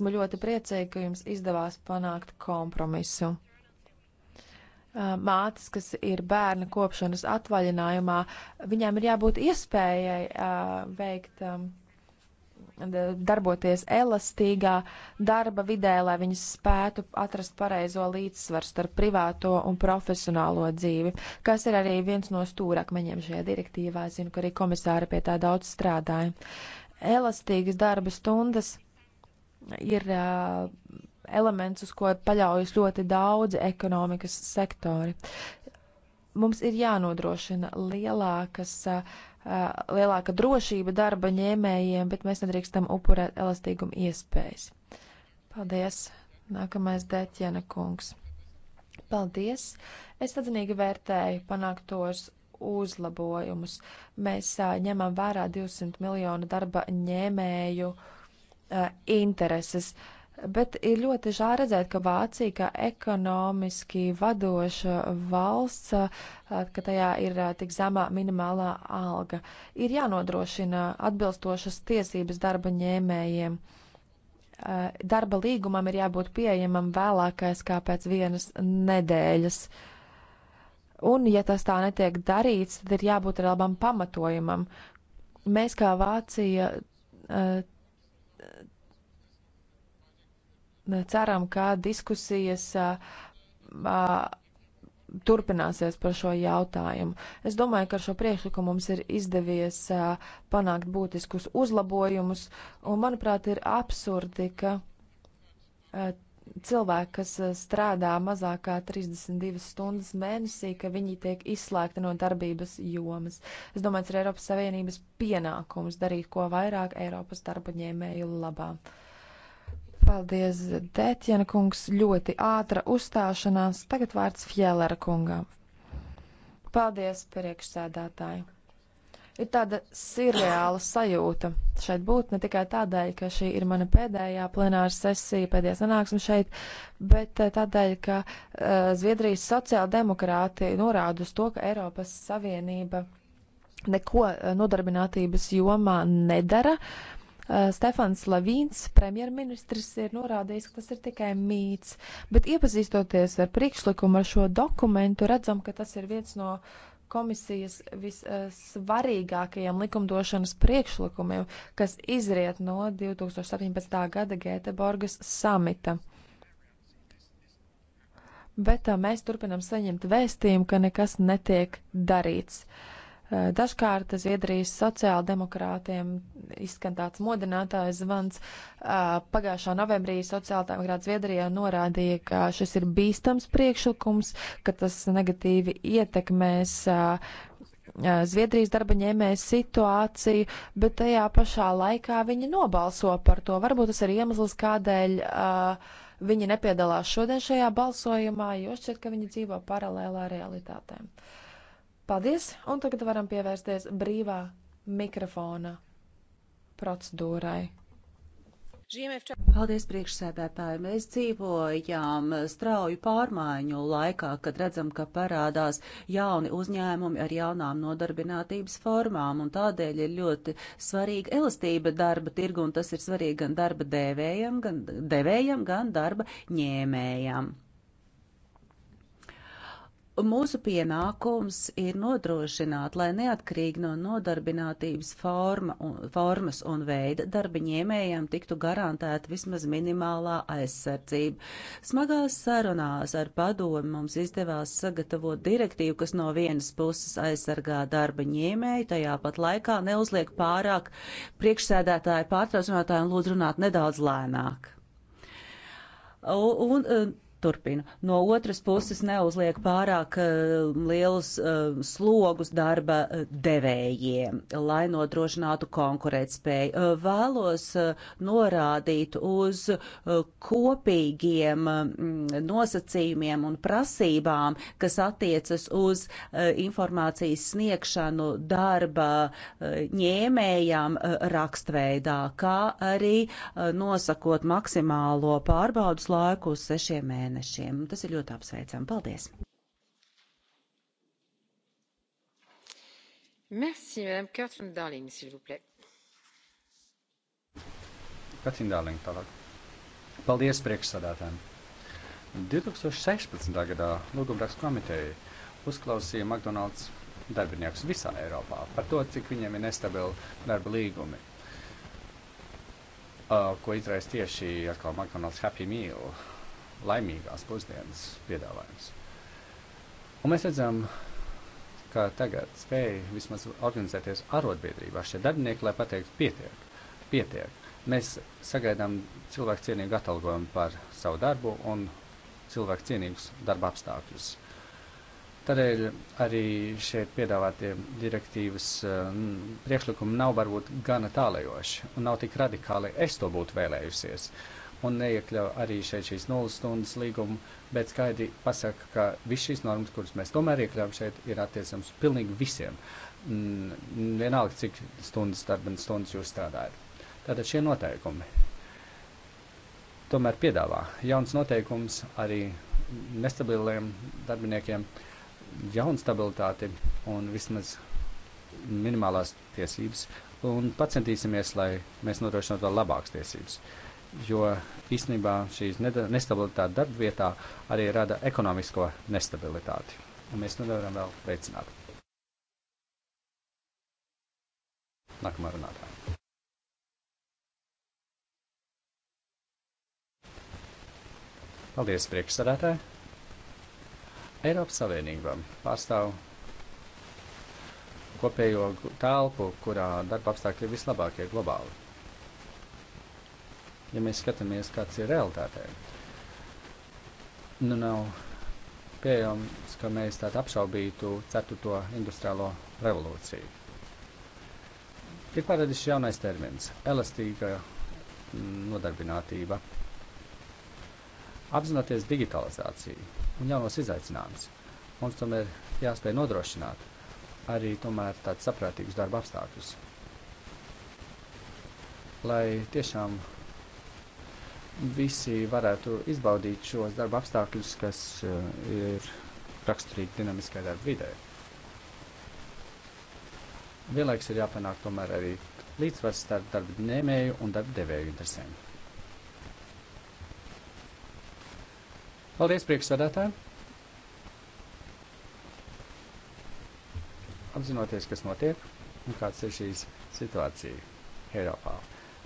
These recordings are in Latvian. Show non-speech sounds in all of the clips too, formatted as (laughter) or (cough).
Esmu ļoti priecīga, ka jums izdevās panākt kompromisu. Mātes, kas ir bērna kopšanas atvaļinājumā, viņām ir jābūt iespējai uh, veikt um, darboties elastīgā darba vidē, lai viņas spētu atrast pareizo līdzsvaru starp privāto un profesionālo dzīvi, kas ir arī viens no stūrakmeņiem šajā direktīvā. Es zinu, ka arī komisāri pie tā daudz strādāja. Elastīgas darba stundas ir elements, uz ko paļaujas ļoti daudzi ekonomikas sektori. Mums ir jānodrošina lielākas, lielāka drošība darba ņēmējiem, bet mēs nedrīkstam upurēt elastīgumu iespējas. Paldies! Nākamais Dēķena kungs. Paldies! Es atzinīgi vērtēju panāktos uzlabojumus. Mēs ņemam vērā 200 miljonu darba ņēmēju uh, Uh, intereses. Bet ir ļoti žēl redzēt, ka Vācija, kā ekonomiski vadoša valsts, uh, ka tajā ir uh, tik zemā minimālā alga, ir jānodrošina atbilstošas tiesības darba ņēmējiem. Darba līgumam ir jābūt pieejamam vēlākais kā pēc vienas nedēļas. Un, ja tas tā netiek darīts, tad ir jābūt arī labam pamatojumam. Mēs kā Vācija ceram, ka diskusijas turpināsies par šo jautājumu. Es domāju, ka ar šo priekšlikumu mums ir izdevies panākt būtiskus uzlabojumus, un manuprāt, ir absurdi, ka cilvēki, kas strādā mazākā 32 stundas mēnesī, ka viņi tiek izslēgti no darbības jomas. Es domāju, tas ir Eiropas Savienības pienākums darīt ko vairāk Eiropas darba ņēmēju labā. Uh, Paldies, Dētjana kungs, ļoti ātra uzstāšanās. Tagad vārds Fjellera kungam. Paldies, priekšsēdētāji. Ir tāda sirreāla sajūta šeit būt ne tikai tādēļ, ka šī ir mana pēdējā plenāra sesija, pēdējā sanāksme šeit, bet eh, tādēļ, ka uh, Zviedrijas sociāldemokrāti norāda uz to, ka Eiropas Savienība neko eh, nodarbinātības jomā nedara. Uh, Eh, Stefans Lavīns, premjerministrs, ir norādījis, ka tas ir tikai mīts, bet iepazīstoties ar priekšlikumu ar šo dokumentu, redzam, ka tas ir viens no komisijas vissvarīgākajiem likumdošanas priekšlikumiem, kas izriet no 2017. gada Gēteborgas samita. Bet tā, eh, mēs turpinam saņemt vēstījumu, ka nekas netiek darīts. Uh, Eh, dažkārt Zviedrijas sociāldemokrātiem izskan tāds modinātājs zvans. Eh, pagājušā novembrī sociāldemokrāts Zviedrijā norādīja, ka šis ir bīstams priekšlikums, ka tas negatīvi ietekmēs eh, Zviedrijas darba ņēmējas situāciju, bet tajā pašā laikā viņi nobalso par to. Varbūt tas ir iemesls, kādēļ uh, viņi nepiedalās šodien šajā balsojumā, jo šķiet, ka viņi dzīvo paralēlā realitātēm. Uh, Paldies, un tagad varam pievērsties brīvā mikrofona procedūrai. Paldies priekšsēdētāji. Mēs dzīvojām strauju pārmaiņu laikā, kad redzam, ka parādās jauni uzņēmumi ar jaunām nodarbinātības formām, un tādēļ ir ļoti svarīga elastība darba tirgu, un tas ir svarīgi gan darba devējam, gan, devējam, gan darba ņēmējam. Mūsu pienākums ir nodrošināt, lai neatkarīgi no nodarbinātības forma un, formas un veida darba ņēmējiem tiktu garantēta vismaz minimālā aizsardzība. Smagās sarunās ar padomu mums izdevās sagatavot direktīvu, kas no vienas puses aizsargā darba ņēmēju, tajā pat laikā neuzliek pārāk priekšsēdētāju pārtraucinātājiem lūdzu runāt nedaudz lēnāk. Un, un, Turpinu. No otras puses neuzliek pārāk uh, lielus uh, slogus darba eh, devējiem, lai nodrošinātu konkurētspēju. Uh, vēlos uh, norādīt uz uh, kopīgiem uh, nosacījumiem un prasībām, kas attiecas uz uh, informācijas sniegšanu darba uh, ņēmējām uh, rakstveidā, kā arī uh, nosakot maksimālo pārbaudas laiku uz sešiem mēnešiem mēnešiem. Tas ir ļoti apsveicami. Paldies! Merci, Madame Catherine Darling, s'il vous plaît. Katrin Dārling tālāk. Paldies priekšsādātājiem. 2016. gadā Lūgumrakstu komiteja uzklausīja McDonald's darbiniekus visā Eiropā par to, cik viņiem ir nestabili darba līgumi, uh, ko izraisa tieši atkal McDonald's Happy Meal laimīgās pusdienas piedāvājums. Un mēs redzam, ka tagad spēja vismaz organizēties arotbiedrībās šie darbinieki, lai pateiktu, pietiek, pietiek. Mēs sagaidām cilvēku cienīgu atalgojumu par savu darbu un cilvēku cienīgus darba apstākļus. Tādēļ arī šeit piedāvātie direktīvas eh, priekšlikumi nav varbūt gana tālējoši un nav tik radikāli, es to būtu vēlējusies un neiekļauj arī šeit šīs nulles stundas līgumu, bet skaidri pasaka, ka viss šīs normas, kuras mēs tomēr iekļaujam šeit, ir attiecams pilnīgi visiem. Vienalga, cik stundas darba stundas jūs strādājat. Tātad šie noteikumi tomēr piedāvā jauns noteikums arī nestabiliem darbiniekiem, jaunu stabilitāti un vismaz minimālās tiesības, un pacentīsimies, lai mēs nodrošinātu vēl labākas tiesības. Uh, jo īstenībā šīs nestabilitāte darba vietā arī rada ekonomisko nestabilitāti. Un mēs to nevaram vēl veicināt. Nākamā runātāja. Paldies priekšsādātāji. Eiropas Savienībām pārstāv kopējo telpu, kurā darba apstākļi ir vislabākie globāli ja mēs skatāmies, kāds ir realitātē. Nu, nav pieejams, ka mēs tādu apšaubītu 4. industriālo revolūciju. Tiek parādīts jaunais termins - elastīga mm, nodarbinātība. Apzinoties digitalizāciju un jaunos izaicinājumus, mums tomēr jāspēj nodrošināt arī tādus saprātīgus darba apstākļus, lai tiešām visi varētu izbaudīt šos darba apstākļus, kas eh, ir raksturīgi dinamiskai darba vidē. Vienlaiks ir jāpanāk tomēr arī līdzsvars starp darba ņēmēju un darba devēju interesēm. Paldies, priekšsēdētāji! Apzinoties, kas notiek un kāds ir šīs situācija Eiropā.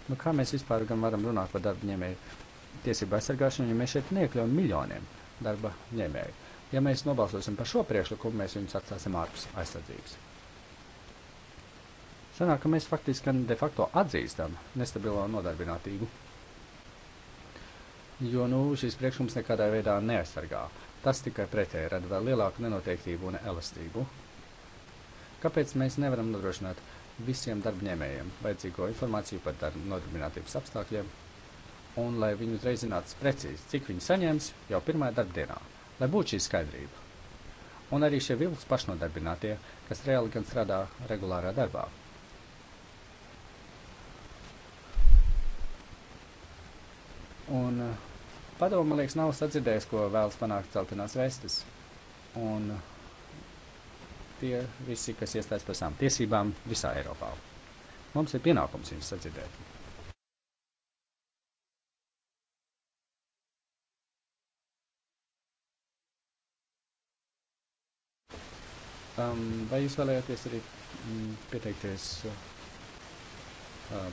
Nu, kā mēs vispār varam runāt par darba ņēmēju tiesību aizsargāšanu, ja mēs šeit neiekļaujam miljoniem darba ņēmēju. Ja mēs nobalsosim par šo priekšlikumu, mēs viņus atstāsim ārpus aizsardzības. Sanāk, ka mēs faktiski gan de facto atzīstam nestabilo nodarbinātību, jo nu, šīs priekšlikums nekādā veidā neaizsargā. Tas tikai pretēji rada vēl lielāku nenoteiktību un elastību. Kāpēc mēs nevaram nodrošināt visiem darbņēmējiem vajadzīgo informāciju par darba nodarbinātības apstākļiem un lai viņi uzreiz zinātu precīzi, cik viņi saņems jau pirmajā darbdienā, lai būtu šī skaidrība. Un arī šie vilks pašnodarbinātie, kas reāli gan strādā regulārā darbā. Un eh, padomu, man liekas, nav sadzirdējis, ko vēlas panākt celtinās vēstis. Un eh, tie visi, kas iestājas par savām tiesībām visā Eiropā. Mums ir pienākums viņus sadzirdēt. Um, vai jūs vēlējāties arī mm, pieteikties uh,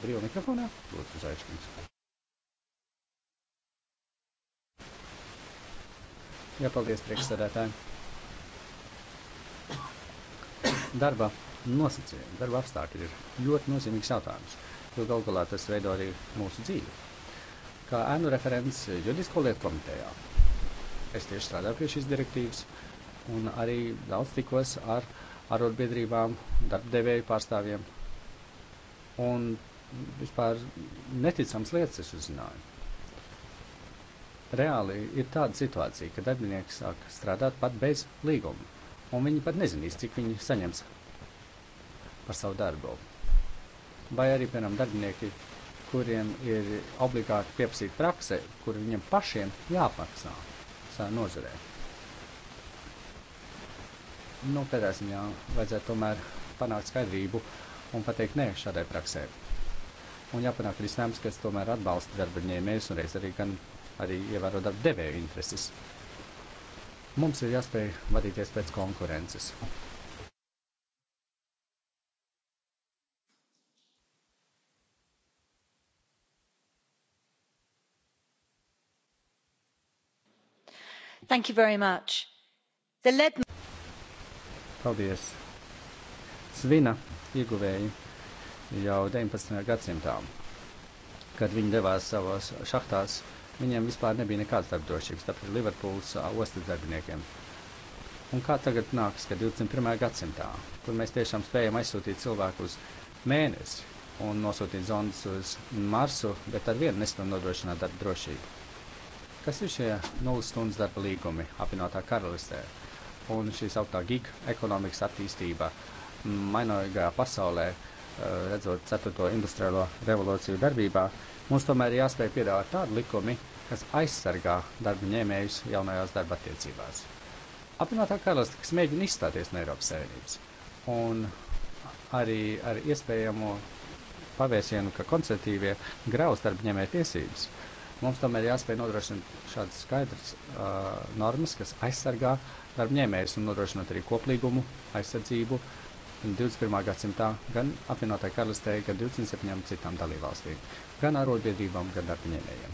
brīvā mikrofonā? Lūdzu, uz aicinājumu. Jā, paldies priekšsēdētājiem. Darba nosacījumi, darba apstākļi ir ļoti nozīmīgs jautājums, jo galu galā tas veido arī mūsu dzīvi. Kā ēnu referents juridisko lietu komitejā, es tieši strādāju pie šīs direktīvas. Uh, un arī daudz tikos ar arotbiedrībām, darbdevēju pārstāvjiem. Un vispār neticams lietas es uzzināju. Reāli ir tāda situācija, ka darbinieki sāk strādāt pat bez līguma, un viņi pat nezinīs, cik viņi saņems par savu darbu. Vai arī, piemēram, darbinieki, kuriem ir obligāti pieprasīta prakse, kur viņiem pašiem jāmaksā savā nozarē nu, tādā ziņā vajadzētu tomēr panākt skaidrību un pateikt nē šādai praksē. Un jāpanāk risinājums, kas tomēr atbalsta darba ņēmējus un reiz arī gan arī ievēro darba devēju intereses. Mums ir jāspēj vadīties pēc konkurences. Thank you very much. The lead Paldies! Svina ieguvēji jau 19. gadsimtā, kad viņi devās savos šahtās, viņiem vispār nebija nekādas darbdrošības, tāpēc Liverpūles ostas darbiniekiem. Un kā tagad nāks, ka 21. gadsimtā, kur mēs tiešām spējam aizsūtīt cilvēku uz mēnesi un nosūtīt zondas uz Marsu, bet ar vienu nespējam nodrošināt darba drošību? Kas ir šie 0 stundas darba līgumi apvienotā karalistē? un šī sauktā giga ekonomikas attīstība mainīgajā pasaulē, eh, redzot 4. industriālo revolūciju darbībā, mums tomēr ir jāspēj piedāvāt tādu likumi, kas aizsargā darba ņēmējus jaunajās darba attiecībās. Apvienotā karaliste, kas mēģina izstāties no Eiropas Savienības, un arī ar iespējamo pavērsienu, ka konservatīvie grauz darba ņēmēja tiesības, uh, Mums tomēr jāspēj nodrošināt šādas skaidras uh, normas, kas aizsargā darbņēmējus un nodrošinot arī koplīgumu aizsardzību 21. gadsimtā gan apvienotā karalistē, gan 27 citām dalībvalstīm, gan arotbiedrībām, gan darbņēmējiem.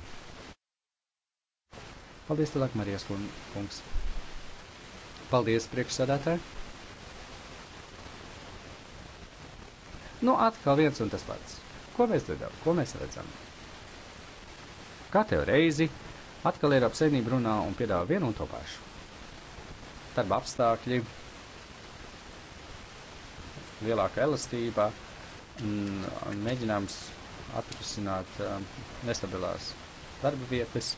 Paldies, tālāk, Marijas kungs. Paldies, priekšsēdētāji. Nu, atkal viens un tas pats. Ko mēs dzirdam, ko mēs redzam? Katru reizi atkal Eiropas Savienība runā un piedāvā vienu un to pašu. Darba apstākļi, lielāka elastība, mēģinājums atrisināt um, nestabilās darba vietas,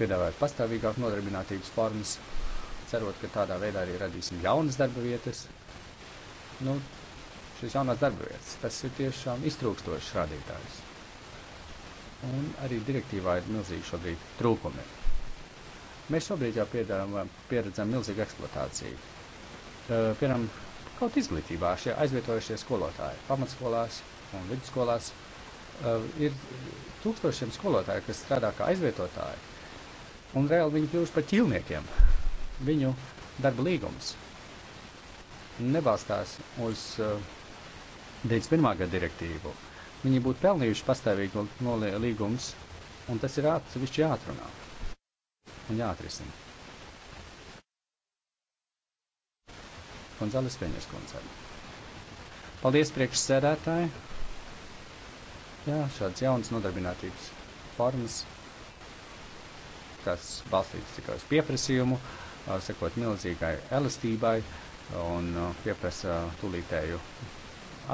piedāvājot pastāvīgāk nodarbinātības formas, cerot, ka tādā veidā arī radīsim jaunas darba vietas. Nu, šīs jaunās darba vietas, tas ir tiešām iztrūkstošs rādītājs un arī direktīvā ir milzīgi šobrīd trūkumi. Mēs šobrīd jau pieredzam milzīgu eksploatāciju. Piemēram, kaut izglītībā šie aizvietojušie skolotāji pamatskolās un vidusskolās ir tūkstošiem skolotāju, kas strādā kā aizvietotāji, un reāli viņi kļūst par ķīlniekiem. Viņu darba līgums nebalstās uz uh, 91. gada direktīvu, Viņi būtu pelnījuši pastāvīgu nolīgumus, un tas ir atsevišķi jāatrunā un jāatrisina. Gonzales Peņas kundze. Paldies priekšsēdētāji. Jā, šāds jauns nodarbinātības formas, kas balstīts tikai uz pieprasījumu, sekot milzīgai elastībai un pieprasa tulītēju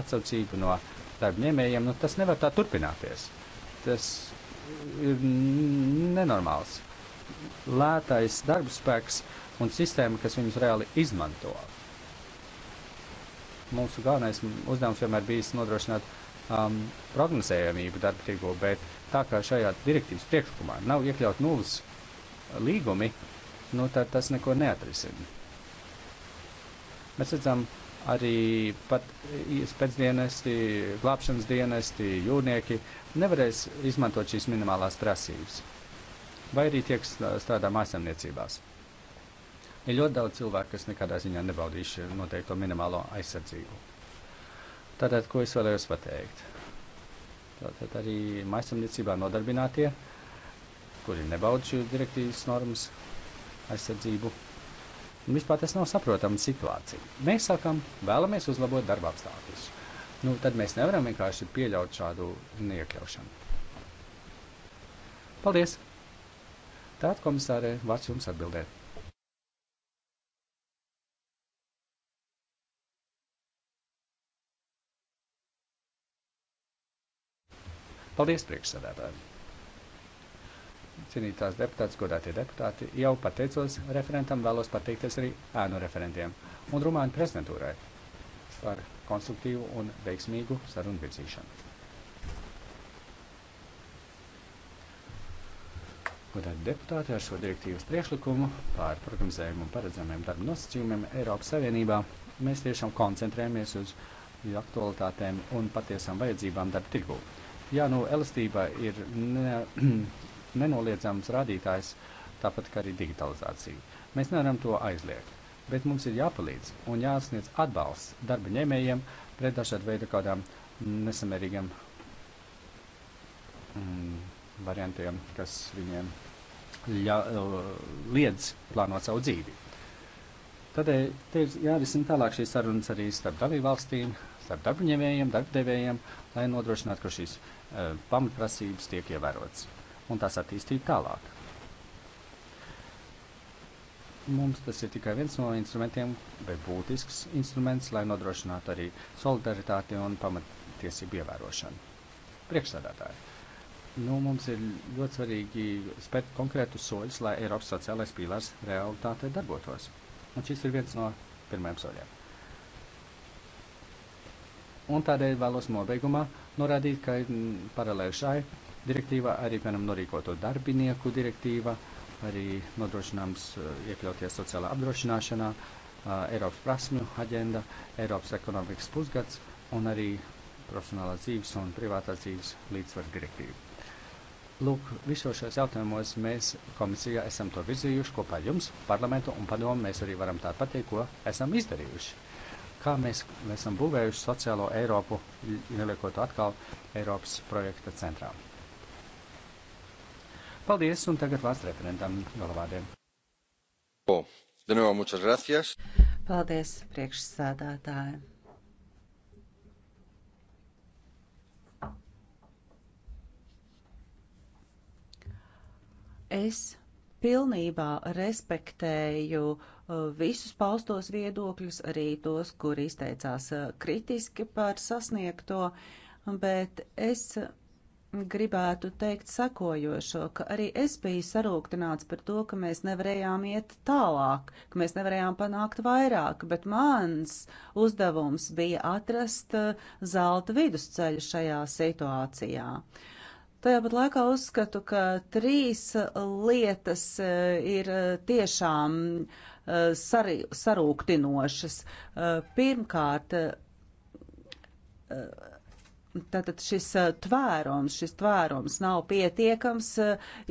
atsaucību no darbņēmējiem, nu, tas nevar tā turpināties. Tas ir nenormāls. Lētais darba spēks un sistēma, kas viņus reāli izmanto. Mūsu galvenais uzdevums vienmēr bijis nodrošināt um, prognozējamību darba tirgu, bet tā kā šajā direktīvas priekšlikumā nav iekļaut nulles līgumi, nu, tad tas neko neatrisina. Mēs redzam, ka arī pat pēcdienesti, glābšanas dienesti, jūrnieki nevarēs izmantot šīs minimālās prasības. Vai arī tiek strādā mājasemniecībās. Ir ļoti daudz cilvēku, kas nekādā ziņā nebaudīs noteikto minimālo aizsardzību. Tātad, ko es vēlējos pateikt? Tātad arī mājasemniecībā nodarbinātie, kuri nebauda šīs direktīvas normas aizsardzību, Un vispār tas nav saprotama situācija. Mēs sakām, vēlamies uzlabot darba apstākļus. Nu, tad mēs nevaram vienkārši pieļaut šādu neiekļaušanu. Paldies! Tātad, komisārē, vārds jums atbildēt. Paldies, priekšsēdētāji! cienītās deputātes, godātie deputāti, jau pateicos referentam, vēlos pateikties arī ēnu referentiem un Rumāņu prezidentūrai par konstruktīvu un veiksmīgu sarunu virzīšanu. Godāti deputāti, ar šo direktīvas priekšlikumu par programmējumu un paredzamiem darba nosacījumiem Eiropas Savienībā mēs tiešām koncentrējamies uz aktualitātēm un patiesām vajadzībām darba tirgū. Jā, nu, elastība ir ne, (clears throat) nenoliedzams rādītājs, tāpat kā arī digitalizācija. Mēs nevaram to aizliegt, bet mums ir jāpalīdz un jāsniedz atbalsts darba ņēmējiem pret dažādu veidu kādām nesamērīgām mm, variantiem, kas viņiem ļa, liedz plānot savu dzīvi. Tādēļ te ir jārisina tālāk šīs sarunas arī starp dalībvalstīm, starp darbaņēmējiem, darbdevējiem, lai nodrošinātu, ka šīs e, pamatprasības tiek ievērotas un tās attīstību tālāk. Mums tas ir tikai viens no instrumentiem, bet būtisks instruments, lai nodrošinātu arī solidaritāti un pamatiesību ievērošanu. Priekšsādātāji, nu, mums ir ļoti svarīgi spērt konkrētus soļus, lai Eiropas sociālais pīlārs realitātē darbotos. Un šis ir viens no pirmajiem soļiem. Un tādēļ vēlos nobeigumā norādīt, ka paralēli šai direktīvā, arī, piemēram, norīkoto darbinieku direktīva, arī nodrošinājums eh, iekļauties sociālā apdrošināšanā, eh, Eiropas prasmju aģenda, Eiropas ekonomikas pusgads un arī profesionālās dzīves un privātās dzīves līdzsvaru direktīva. Lūk, visos šajos jautājumos mēs komisijā esam to virzījuši kopā ar jums, parlamentu un padomu. Mēs arī varam tā pateikt, ko esam izdarījuši. Kā mēs, mēs esam būvējuši sociālo Eiropu, ieliekot atkal Eiropas projekta centrā. Paldies, un tagad vārds referentam galvādēm. Oh, de nuevo, muchas gracias. Paldies, priekšsādātāji. Es pilnībā respektēju uh, visus paustos viedokļus, arī tos, kur izteicās uh, kritiski par sasniegto, bet es gribētu teikt sekojošo, ka arī es biju sarūktināts par to, ka mēs nevarējām iet tālāk, ka mēs nevarējām panākt vairāk, bet mans uzdevums bija atrast uh, zelta vidusceļu šajā situācijā. Tajā pat laikā uzskatu, ka trīs lietas uh, ir uh, tiešām sar sarūktinošas. Pirmkārt, Tātad šis tvērums, šis tvērums nav pietiekams,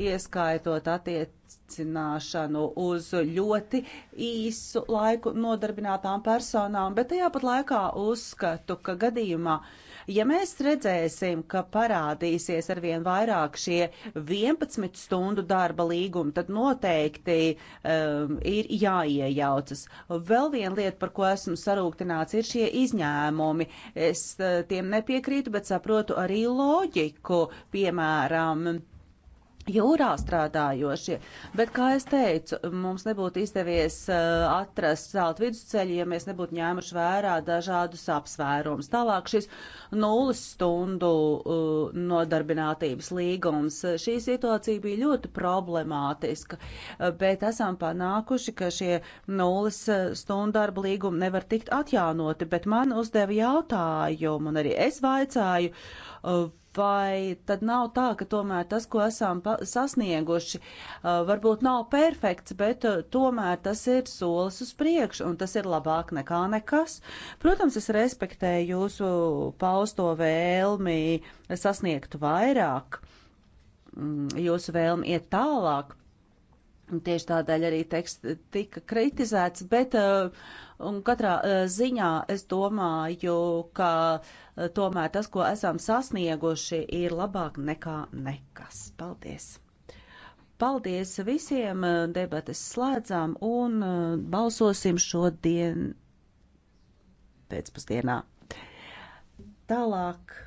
ieskaitot attiecināšanu uz ļoti īsu laiku nodarbinātām personām, bet tajā pat laikā uzskatu, ka gadījumā uh, Ja mēs redzēsim, ka parādīsies arvien vairāk šie 11 stundu darba līgumi, tad noteikti um, ir jāiejaucas. Vēl viena lieta, par ko esmu sarūktināts, ir šie izņēmumi. Es uh, tiem nepiekrītu, bet saprotu arī loģiku. Piemēram, jūrā strādājošie. Bet, kā es teicu, mums nebūtu izdevies uh, atrast zelta vidusceļu, ja mēs nebūtu ņēmuši vērā dažādus apsvērumus. Tālāk šis nulles stundu uh, nodarbinātības līgums. Šī situācija bija ļoti problemātiska, uh, bet esam panākuši, ka šie nulles uh, stundu darba līgumi nevar tikt atjaunoti. Bet man uzdeva jautājumu, un arī es vaicāju, uh, Vai tad nav tā, ka tomēr tas, ko esam sasnieguši, varbūt nav perfekts, bet tomēr tas ir solis uz priekšu un tas ir labāk nekā nekas? Protams, es respektēju jūsu pausto vēlmi sasniegt vairāk, mm, jūsu vēlmi iet tālāk. Tieši tādēļ arī teksts tika kritizēts, bet eh, katrā eh, ziņā es domāju, ka eh, tomēr tas, ko esam sasnieguši, ir labāk nekā nekas. Paldies! Paldies visiem! Debates slēdzām un balsosim šodien pēcpusdienā. Tālāk.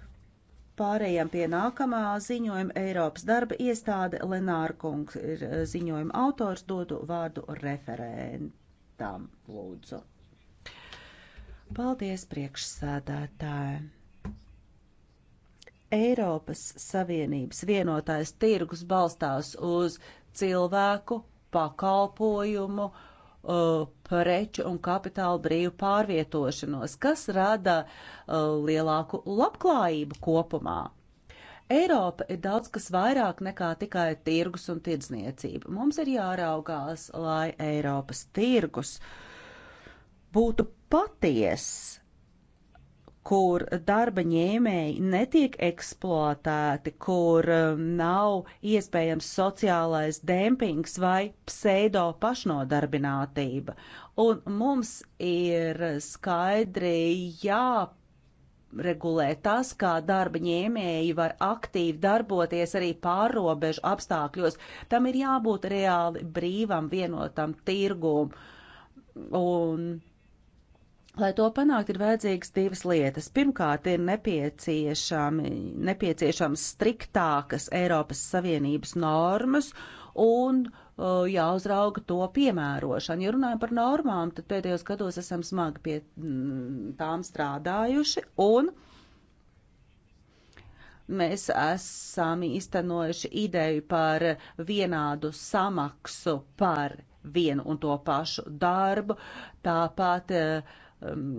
Pārējām pie nākamā ziņojuma Eiropas darba iestāde Lenārkungs ir eh, ziņojuma autors, dodu vārdu referentam, lūdzu. Paldies priekšsēdētājiem! Eiropas Savienības vienotājs tirgus balstās uz cilvēku pakalpojumu, uh, uh, preču un kapitāla brīvu pārvietošanos, kas rada uh, lielāku labklājību kopumā. Eiropa ir daudz kas vairāk nekā tikai tirgus un tirdzniecība. Mums ir jāraugās, lai Eiropas tirgus būtu patiess kur darba ņēmēji netiek eksploatēti, kur um, nav iespējams sociālais dempings vai pseido pašnodarbinātība. Un mums ir skaidri jāpārāk regulē tas, kā darba ņēmēji var aktīvi darboties arī pārrobežu apstākļos. Tam ir jābūt reāli brīvam, vienotam tirgum. Un Lai to panākt, ir vajadzīgas divas lietas. Pirmkārt, ir nepieciešams striktākas Eiropas Savienības normas un uh, jāuzrauga to piemērošanu. Ja runājam par normām, tad pēdējos gados esam smagi pie mm, tām strādājuši un mēs esam īstenojuši ideju par vienādu samaksu par vienu un to pašu darbu. Tāpat uh, um,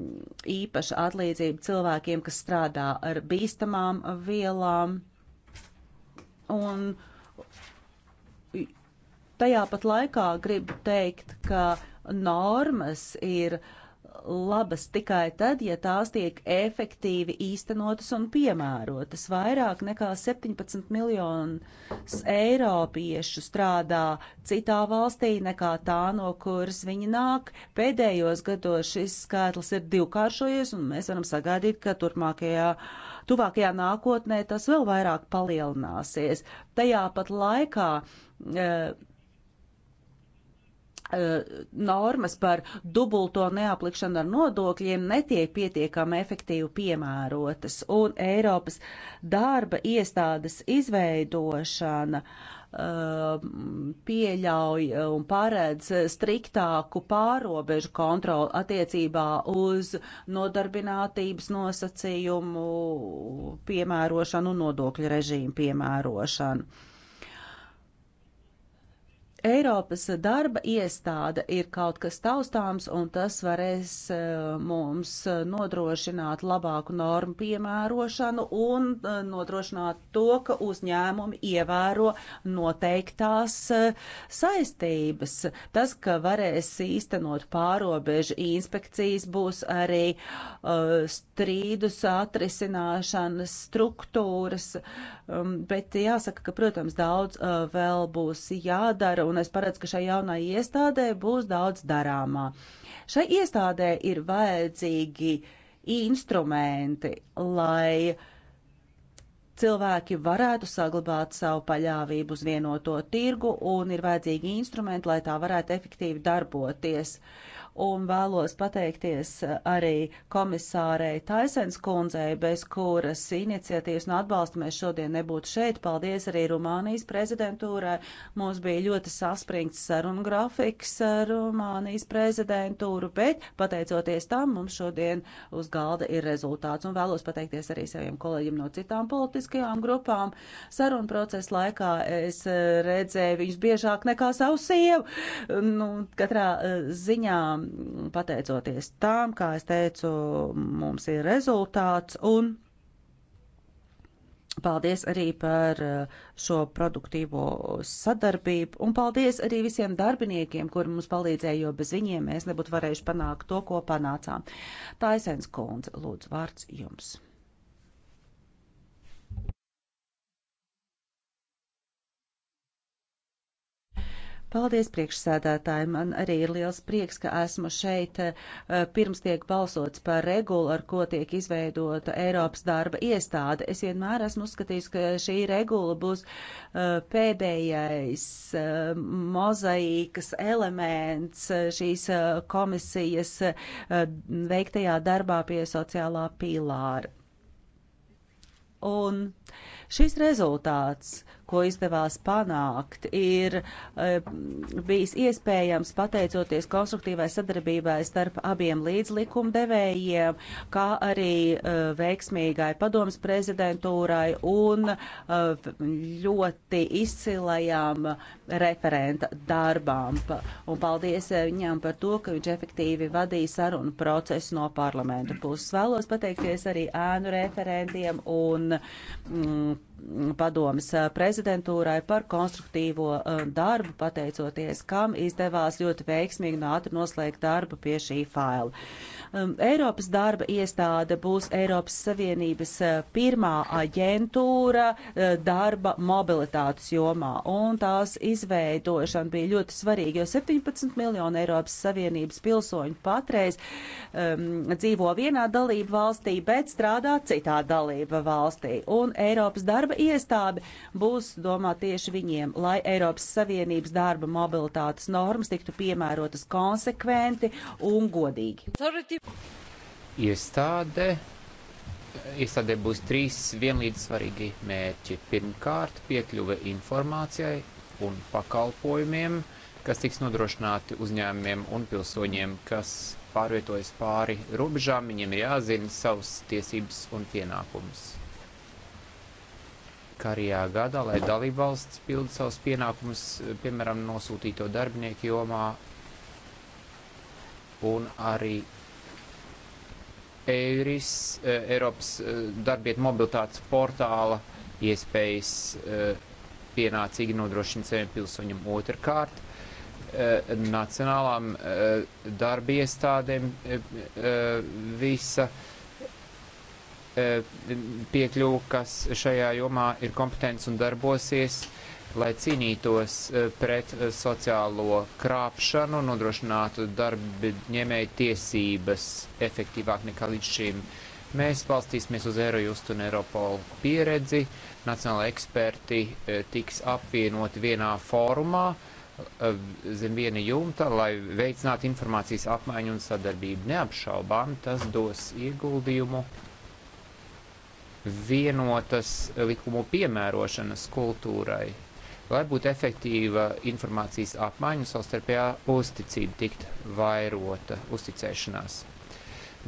īpaša atlīdzība cilvēkiem, kas strādā ar bīstamām vielām. Un tajā pat laikā gribu teikt, ka normas ir uh, labas tikai tad, ja tās tiek efektīvi īstenotas un piemērotas. Vairāk nekā 17 miljonus eiropiešu strādā citā valstī nekā tā, no kuras viņi nāk. Pēdējos gados šis skaitlis ir divkāršojies, un mēs varam sagaidīt, ka turpmākajā, tuvākajā nākotnē tas vēl vairāk palielināsies. Tajā pat laikā. Uh, e, Eh, normas par dubulto neaplikšanu ar nodokļiem netiek pietiekami efektīvi piemērotas, un Eiropas darba iestādes izveidošana eh, pieļauj un paredz striktāku pārobežu kontroli attiecībā uz nodarbinātības nosacījumu piemērošanu un nodokļu režīmu piemērošanu. Eiropas darba iestāde ir kaut kas taustāms, un tas varēs eh, mums eh, nodrošināt labāku normu piemērošanu un eh, nodrošināt to, ka uzņēmumi ievēro noteiktās saistības. Tas, ka varēs īstenot pārobežu inspekcijas, būs arī strīdus atrisināšanas struktūras, um, bet jāsaka, ka, protams, daudz vēl būs jādara un es paredzu, ka šai jaunai iestādē būs daudz darāmā. Šai iestādē ir vajadzīgi instrumenti, lai cilvēki varētu saglabāt savu paļāvību uz vienoto tirgu un ir vajadzīgi instrumenti, lai tā varētu efektīvi darboties un vēlos pateikties eh, arī komisārei Taisens kundzei, bez kuras iniciatīvas un atbalsta mēs šodien nebūtu šeit. Paldies arī Rumānijas prezidentūrai. Mums bija ļoti saspringts sarunu grafiks ar Rumānijas prezidentūru, bet pateicoties tam mums šodien uz galda ir rezultāts un vēlos pateikties arī saviem kolēģiem no citām politiskajām grupām. Sarunu procesa laikā es eh, redzēju viņus biežāk nekā savu sievu. Nu, katrā eh, ziņā pateicoties tām, kā es teicu, mums ir rezultāts un paldies arī par uh, šo produktīvo sadarbību un paldies arī visiem darbiniekiem, kuri mums palīdzēja, jo bez viņiem mēs nebūtu varējuši panākt to, ko panācām. Taisens kundze, lūdzu, vārds jums. Paldies priekšsēdētāji. Man arī ir liels prieks, ka esmu šeit eh, pirms tiek balsots par regulu, ar ko tiek izveidota Eiropas darba iestāde. Es vienmēr esmu uzskatījis, ka šī regula būs eh, pēdējais eh, mozaīkas elements šīs komisijas veiktajā darbā pie sociālā pīlāra. Un šis rezultāts, ko izdevās panākt, ir e, bijis iespējams pateicoties konstruktīvai sadarbībai starp abiem līdzlikumdevējiem, kā arī e, veiksmīgai padomas prezidentūrai un e, ļoti izcilajām referenta darbām. Un paldies viņam par to, ka viņš efektīvi vadīja sarunu procesu no parlamenta puses. Vēlos pateikties arī ēnu referentiem un mm, padomas prezidentūrai par konstruktīvo darbu, pateicoties kam izdevās ļoti veiksmīgi un ātri noslēgt darbu pie šī faila. Um, Eiropas darba iestāde būs Eiropas Savienības uh, pirmā aģentūra uh, darba mobilitātes jomā, un tās izveidošana bija ļoti svarīga, jo 17 miljonu Eiropas Savienības pilsoņu patreiz um, dzīvo vienā dalību valstī, bet strādā citā dalība valstī. Un Eiropas darba iestāde būs domā tieši viņiem, lai Eiropas Savienības darba mobilitātes normas tiktu piemērotas konsekventi un godīgi iestādei būs trīs vienlīdz svarīgi mērķi pirmkārt piekļuve informācijai un pakalpojumiem kas tiks nodrošināti uzņēmumiem un pilsoņiem kas pārvietojas pāri robežām viņiem ir jāzina savas tiesības un pienākumus karajā gadā, lai dalībvalsts pilda savus pienākumus, piemēram, nosūtīto darbinieku jomā un arī Eiris, eh, Eiropas eh, darbiet mobilitātes portāla iespējas eh, pienācīgi nodrošina saviem pilsoņiem otrkārt. Nacionālām darbiestādēm visa piekļuva, kas šajā jomā ir kompetents un darbosies, uh, lai cīnītos e, pret e, sociālo krāpšanu, nodrošinātu darbi ņēmēju tiesības efektīvāk nekā līdz šim. Mēs balstīsimies uz Eurojust un Europolu pieredzi, nacionāla eksperti e, tiks apvienoti vienā fórumā zem viena jumta, lai veicinātu informācijas apmaiņu un sadarbību. Neapšaubām tas dos ieguldījumu vienotas likumu piemērošanas kultūrai lai būtu efektīva informācijas apmaiņa, savstarpējā uzticība tikt vairota uzticēšanās.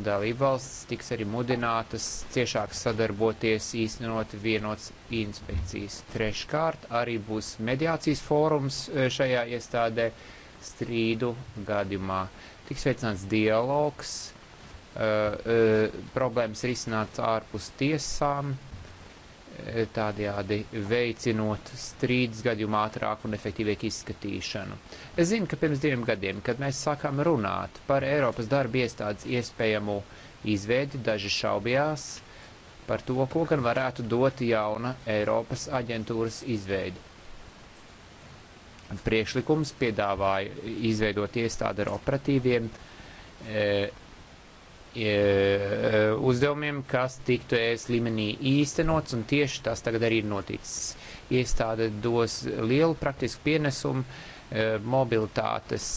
Dalībvalsts tiks arī mudinātas ciešāk sadarboties, īstenot vienots inspekcijas. Treškārt arī būs mediācijas fórums e, šajā iestādē strīdu gadījumā. Tiks veicināts dialogs, e, e, problēmas risināts ārpus tiesām, tādējādi veicinot strīdus gadījumu ātrāku un efektīvāku izskatīšanu. Es zinu, ka pirms diviem gadiem, kad mēs sākām runāt par Eiropas darba iestādes iespējamo izveidi, daži šaubījās par to, ko gan varētu dot jauna Eiropas aģentūras izveidi. Priekšlikums piedāvāja izveidot iestādi ar operatīviem e, E, e, uzdevumiem, kas tiktu ES līmenī īstenots, un tieši tas tagad arī ir noticis. Iestāde dos lielu praktisku pienesumu e, mobilitātes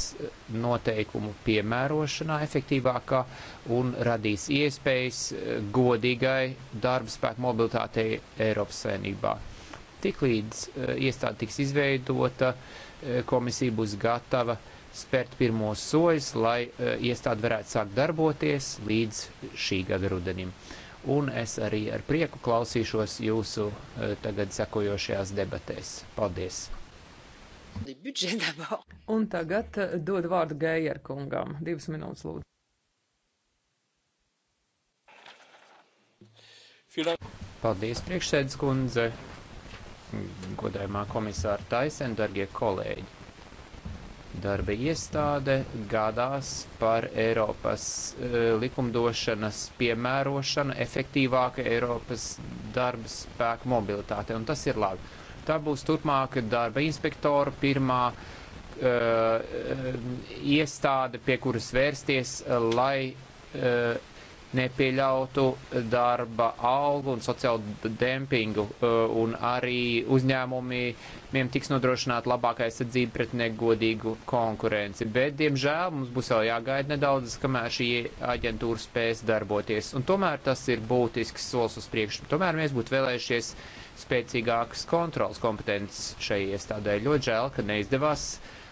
noteikumu piemērošanā efektīvākā un radīs iespējas godīgai darba spēku mobilitātei Eiropas saimnībā. Tiklīdz iestāde tiks izveidota, komisija būs gatava uh, spērt pirmos soļus, lai eh, iestāde varētu sākt darboties līdz šī gada rudenim. Un es arī ar prieku klausīšos jūsu eh, tagad sekojošajās debatēs. Paldies! Un tagad eh, dod vārdu Geijer kungam. Divas minūtes lūdzu. Paldies, priekšsēdus kundze, godājumā komisāra Taisen, dargie kolēģi darba iestāde gādās par Eiropas eh, likumdošanas piemērošanu, efektīvāku Eiropas darba spēku mobilitāti, un tas ir labi. Tā būs turpmāka darba inspektora pirmā uh, iestāde, pie kuras vērsties, lai uh, nepieļautu darba algu un sociālu dempingu, eh, un arī uzņēmumiem tiks nodrošināta labākā aizsardzība pret negodīgu konkurenci. Bet, diemžēl, mums būs vēl jāgaida nedaudz, kamēr šī aģentūra spēs darboties. Un tomēr tas ir būtisks solis uz priekšu. Tomēr mēs būtu vēlējušies spēcīgākas kontrolas kompetences šai iestādē. Ļoti žēl, ka neizdevās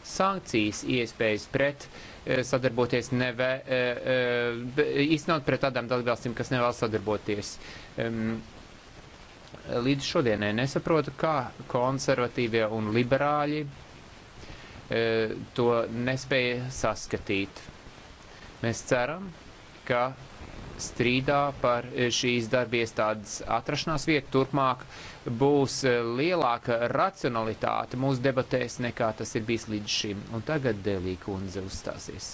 sankcijas iespējas pret uh, E, sadarboties, neve, īstenot e, pret tādām dalībvalstīm, kas nevēlas sadarboties. Līdz šodienai nesaprotu, kā konservatīvie un liberāļi e, to nespēja saskatīt. Mēs ceram, ka strīdā par šīs darba iestādes atrašanās vietu turpmāk uh, būs eh, lielāka racionalitāte mūsu debatēs nekā tas ir bijis līdz šim. Un tagad Delī kundze uzstāsies.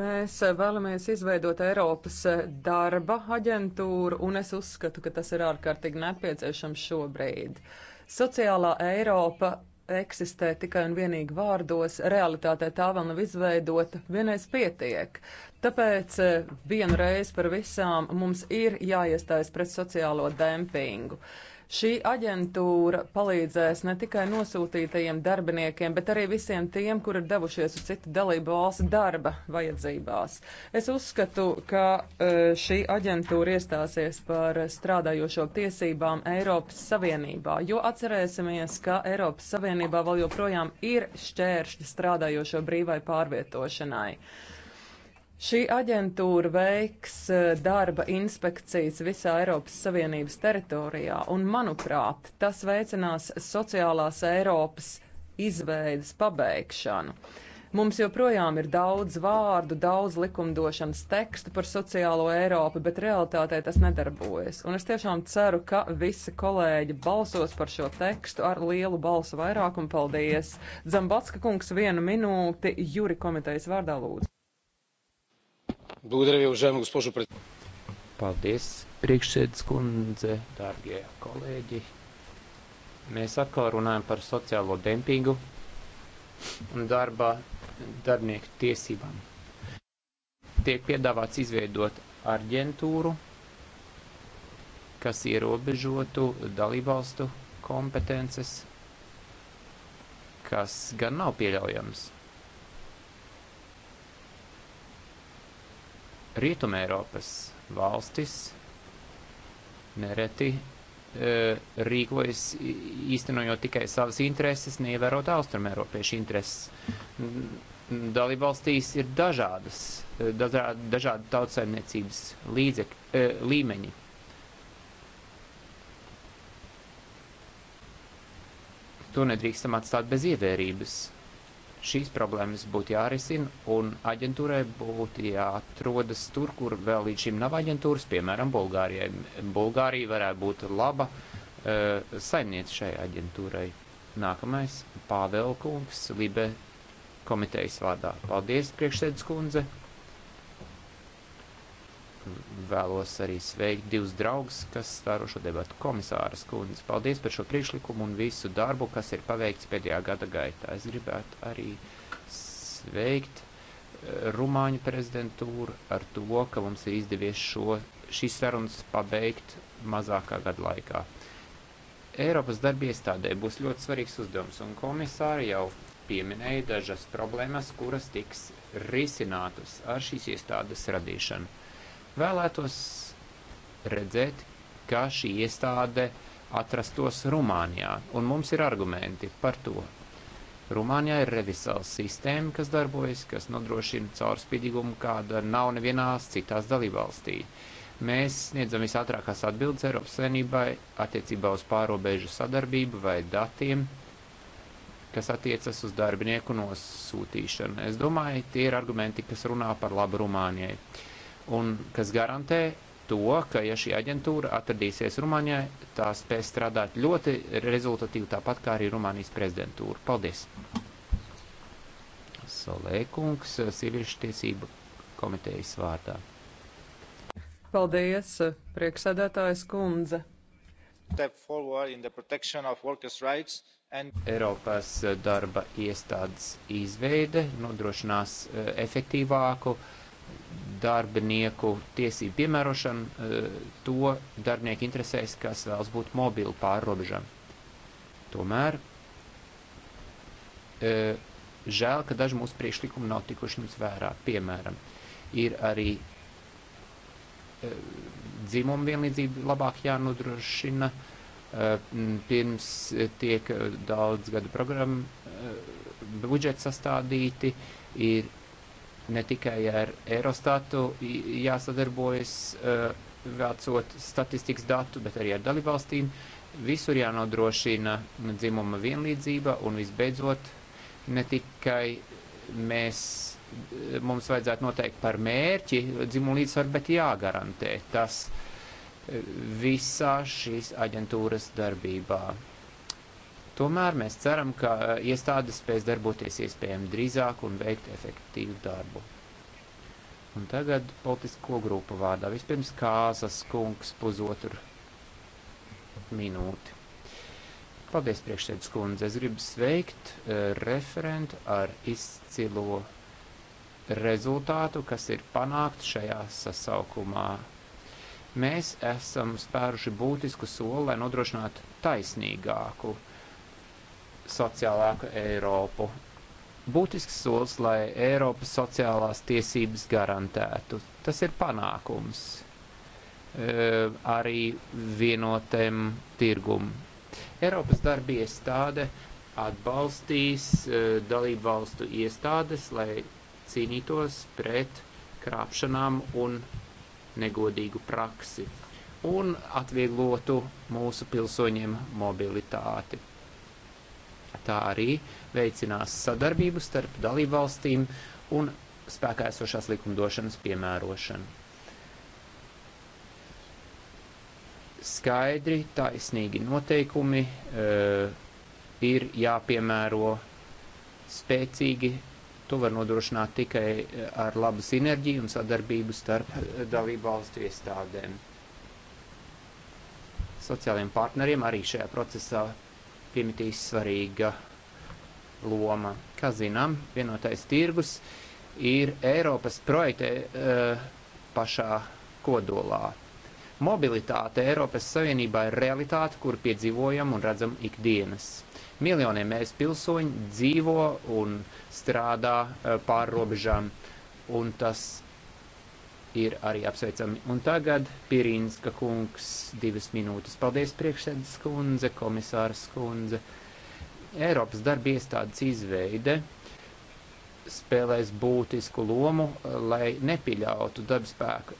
Mēs eh, vēlamies izveidot Eiropas eh, darba aģentūru, un es uzskatu, ka tas ir ārkārtīgi nepieciešams šobrīd. Sociālā Eiropa eksistē tikai un vienīgi vārdos, realitātē tā vēl nav izveidota, vienreiz pietiek. Tāpēc eh, vienreiz par visām mums ir jāiestājas pret sociālo dempingu. Uh, Šī aģentūra palīdzēs ne tikai nosūtītajiem darbiniekiem, bet arī visiem tiem, kur ir devušies uz citu dalību valsts darba vajadzībās. Es uzskatu, ka e, šī aģentūra iestāsies par strādājošo tiesībām Eiropas Savienībā, jo atcerēsimies, ka Eiropas Savienībā vēl joprojām ir šķēršļi strādājošo brīvai pārvietošanai. Šī aģentūra veiks eh, darba inspekcijas visā Eiropas Savienības teritorijā, un, manuprāt, tas veicinās sociālās Eiropas izveidas pabeigšanu. Mums joprojām ir daudz vārdu, daudz likumdošanas tekstu par sociālo Eiropu, bet realitātē tas nedarbojas. Un es tiešām ceru, ka visi kolēģi balsos par šo tekstu ar lielu balsu vairākumu. Paldies! Zambatska kungs, vienu minūti, Juri komitejas vārdā lūdzu. Paldies, priekšsēdus kundze, dārgie kolēģi. Mēs atkal runājam par sociālo dempingu un darba darbinieku tiesībām. Tiek piedāvāts izveidot aģentūru, kas ierobežotu dalībvalstu kompetences, kas gan nav pieļaujams. Rietumēropas valstis nereti e, rīkojas īstenojot tikai savas intereses, neievērot austrumēropiešu intereses. Dalībvalstīs ir dažādas, e, dažādi, dažādi tautsaimniecības līdzek, e, līmeņi. To nedrīkstam atstāt bez ievērības šīs problēmas būtu jārisina, un aģentūrai būtu jāatrodas tur, kur vēl līdz šim nav aģentūras, piemēram, Bulgārijai. Bulgārija varētu būt laba uh, saimniece šai aģentūrai. Nākamais - Pāvēlkungs, Libe komitejas vārdā. Paldies, priekšsēdus kundze! vēlos arī sveikt divus draugus, kas stāro šo debatu komisāras kundzi. Paldies par šo priekšlikumu un visu darbu, kas ir paveikts pēdējā gada gaitā. Es gribētu arī sveikt eh, Rumāņu prezidentūru ar to, ka mums ir izdevies šo, šīs sarunas pabeigt mazākā gada laikā. Eiropas darba iestādē būs ļoti svarīgs uzdevums, un komisāri jau pieminēja dažas problēmas, kuras tiks risinātas ar šīs iestādes radīšanu Vēlētos redzēt, ka šī iestāde atrastos Rumānijā, un mums ir argumenti par to. Rumānijā ir revisāls sistēma, kas darbojas, kas nodrošina caurspīdīgumu, kāda nav nevienās citās dalībvalstī. Mēs sniedzam visātrākās atbildes Eiropas Savienībai attiecībā uz pārobežu sadarbību vai datiem, kas attiecas uz darbinieku nosūtīšanu. Es domāju, tie ir argumenti, kas runā par labu Rumānijai. Uh, un kas garantē to, ka ja šī aģentūra atradīsies Rumānijā, tā spēs strādāt ļoti rezultatīvi, tāpat kā arī Rumānijas prezidentūra. Paldies! Solēkungs, Sīviešu tiesību komitejas vārdā. Paldies, prieksēdētājs kundze! And... Eiropas darba iestādes izveide nodrošinās eh, efektīvāku uh, darbinieku tiesību piemērošanu eh, to darbinieku interesēs, kas vēlas būt mobili pāri robežām. Tomēr eh, žēl, ka daži mūsu priekšlikumi nav tikuši ņemts vērā. Piemēram, ir arī eh, dzimuma vienlīdzība labāk jānodrošina, pirms tiek daudz gadu programmu budžeti sastādīti, ir ne tikai ar Eurostatu jāsadarbojas, e, vācot statistikas datu, bet arī ar dalībvalstīm. Visur jānodrošina dzimuma vienlīdzība un visbeidzot ne tikai mēs, e, mums vajadzētu noteikt par mērķi dzimumu līdzsvaru, bet jāgarantē tas e, visā šīs aģentūras darbībā. Tomēr mēs ceram, ka e, iestādes spēs darboties iespējami drīzāk un veikt efektīvu darbu. Un tagad politisko grupu vārdā. Vispirms Kāzas kungs pusotru minūti. Paldies, priekšsēdus kundze. Es gribu sveikt uh, referentu ar izcilo rezultātu, kas ir panākt šajā sasaukumā. Mēs esam spēruši būtisku soli, lai nodrošinātu taisnīgāku sociālāku Eiropu. Būtisks solis, lai Eiropas sociālās tiesības garantētu. Tas ir panākums e, arī vienotiem tirgum. Eiropas darba iestāde atbalstīs e, dalību valstu iestādes, lai cīnītos pret krāpšanām un negodīgu praksi un atvieglotu mūsu pilsoņiem mobilitāti. Tā arī veicinās sadarbību starp dalībvalstīm un spēkā esošās likumdošanas piemērošanu. Skaidri, taisnīgi noteikumi e, ir jāpiemēro spēcīgi. To var nodrošināt tikai e, ar labu sinerģiju un sadarbību starp e, dalībvalstu iestādēm. Sociālajiem partneriem arī šajā procesā piemitīs svarīga loma. Kā zinām, vienotais tirgus ir Eiropas projekta uh, eh, pašā kodolā. Mobilitāte Eiropas Savienībā ir realitāte, kur piedzīvojam un redzam ikdienas. Miljoniem mēs pilsoņi dzīvo un strādā uh, pār robežām, un tas ir arī apsveicami. Un tagad Pirīnska kungs divas minūtes. Paldies priekšsēdas kundze, komisāras kundze. Eiropas darba iestādes izveide spēlēs būtisku lomu, lai nepieļautu darbspēku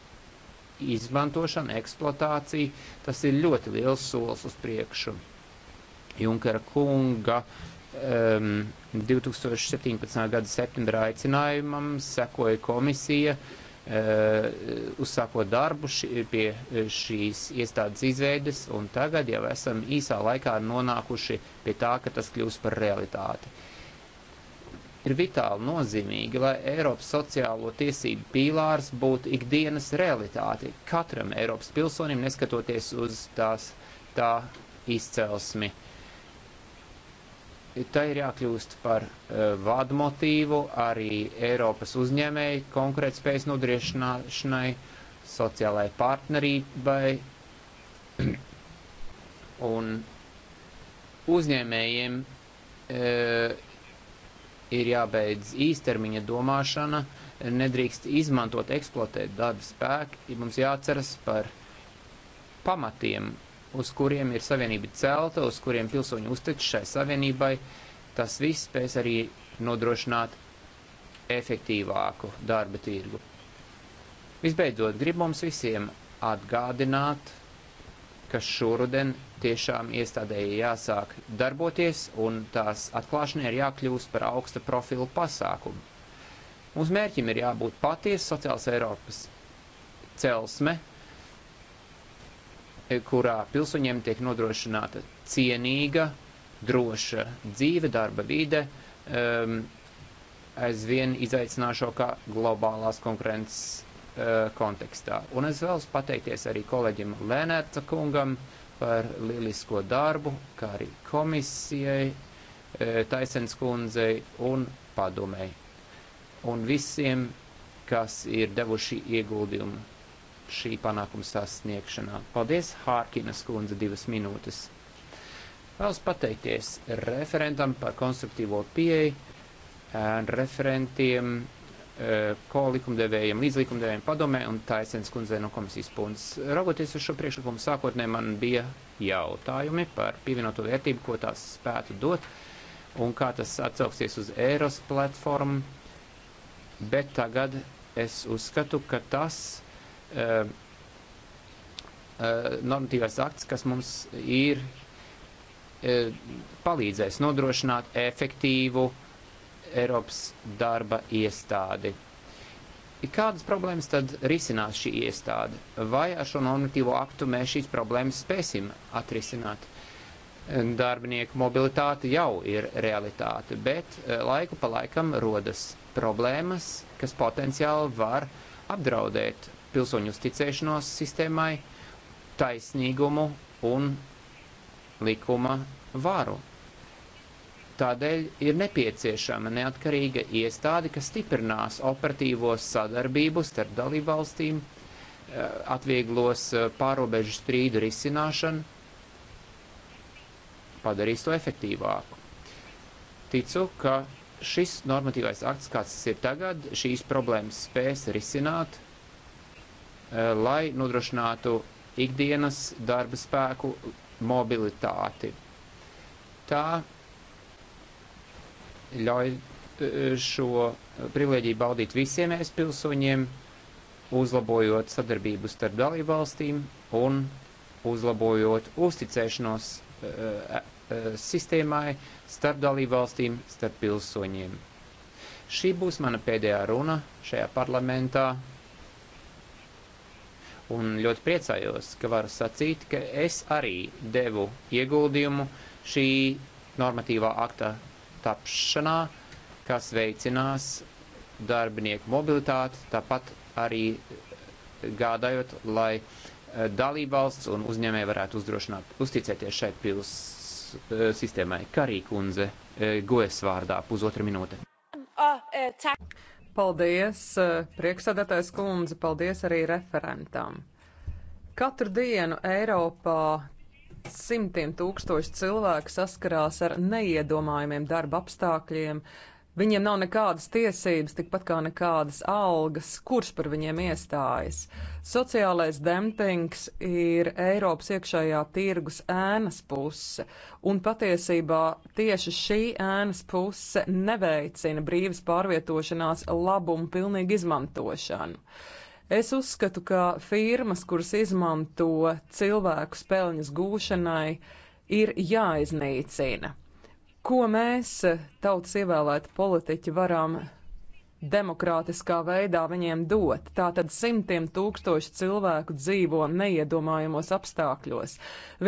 izmantošanu, eksploatāciju. Tas ir ļoti liels solis uz priekšu. Junkera kunga um, 2017. gada septembrā aicinājumam sekoja komisija. Uh, Eh, uzsākot darbu ši, pie eh, šīs iestādes izveides, un tagad jau esam īsā laikā nonākuši pie tā, ka tas kļūs par realitāti. Ir vitāli nozīmīgi, lai Eiropas sociālo tiesību pīlārs būtu ikdienas realitāte katram Eiropas pilsonim, neskatoties uz tās tā izcelsmi. Uh, tā ir jākļūst par uh, vādu motīvu arī Eiropas uzņēmēji konkurētspējas nodriešanai, sociālai partnerībai (clears throat) un uzņēmējiem uh, ir jābeidz īstermiņa domāšana, nedrīkst izmantot, eksploatēt darba spēku, ja mums jāceras par pamatiem uz kuriem ir savienība celta, uz kuriem pilsoņi uztic šai savienībai, tas viss spēs arī nodrošināt efektīvāku darba tirgu. Visbeidzot, grib mums visiem atgādināt, ka šoruden tiešām iestādēji jāsāk darboties un tās atklāšanai ir jākļūst par augsta profilu pasākumu. Mūsu mērķim ir jābūt patiesa sociāls Eiropas celsme, E, kurā pilsoņiem tiek nodrošināta cienīga, droša dzīve, darba vide, um, aizvien izaicināšākā globālās konkurences uh, kontekstā. Un es vēlos pateikties arī kolēģim Lēnērca kungam par lielisko darbu, kā arī komisijai, uh, Taisens kundzei un padomēji. Un visiem, kas ir devuši ieguldījumu šī panākuma sasniegšanā. Paldies, Hārkinas kundze, divas minūtes. Vēlos pateikties referentam par konstruktīvo pieeju, referentiem, ko likumdevējiem, līdzlikumdevējiem padomē un taisens kundze no komisijas punkts. Raugoties uz šo priekšlikumu sākotnē, man bija jautājumi par pievienoto vērtību, ko tās spētu dot un kā tas atsauksies uz Eiros platformu, bet tagad es uzskatu, ka tas Ehm, ehm, normatīvais akts, kas mums ir e, palīdzēs nodrošināt efektīvu Eiropas darba iestādi. Kādas problēmas tad risinās šī iestāde? Vai ar šo normatīvo aktu mēs šīs problēmas spēsim atrisināt? Darbinieku mobilitāte jau ir realitāte, bet e, laiku pa laikam rodas problēmas, kas potenciāli var apdraudēt pilsoņu uzticēšanos sistēmai, taisnīgumu un likuma varu. Tādēļ ir nepieciešama neatkarīga iestāde, kas stiprinās operatīvos sadarbību starp dalībvalstīm, eh, atvieglos eh, pārobežu strīdu risināšanu, padarīs to efektīvāku. Ticu, ka šis normatīvais akts, kāds tas ir tagad, šīs problēmas spēs risināt Eh, lai nodrošinātu ikdienas darba spēku mobilitāti. Tā ļauj eh, šo privileģiju baudīt visiem es pilsoņiem, uzlabojot sadarbību starp dalībvalstīm un uzlabojot uzticēšanos eh, sistēmai starp dalībvalstīm, starp pilsoņiem. Šī būs mana pēdējā runa šajā parlamentā un ļoti priecājos, ka varu sacīt, ka es arī devu ieguldījumu šī normatīvā akta tapšanā, kas veicinās darbinieku mobilitāti, tāpat arī gādājot, lai eh, dalībvalsts un uzņēmē varētu uzdrošināt uzticēties šai pils eh, sistēmai. Karī kundze, eh, gojas vārdā, pusotra minūte. Paldies, eh, priekšsēdētājs kundze, paldies arī referentam. Katru dienu Eiropā simtiem tūkstoši cilvēku saskarās ar neiedomājumiem darba apstākļiem, Viņiem nav nekādas tiesības, tikpat kā nekādas algas, kurš par viņiem iestājas. Sociālais dempings ir Eiropas iekšējā tirgus ēnas puse, un patiesībā tieši šī ēnas puse neveicina brīvas pārvietošanās labumu pilnīgu izmantošanu. Es uzskatu, ka firmas, kuras izmanto cilvēku spēļņas gūšanai, ir jāiznīcina ko mēs, tautas ievēlēti politiķi, varam demokrātiskā veidā viņiem dot. Tātad simtiem tūkstoši cilvēku dzīvo neiedomājamos apstākļos.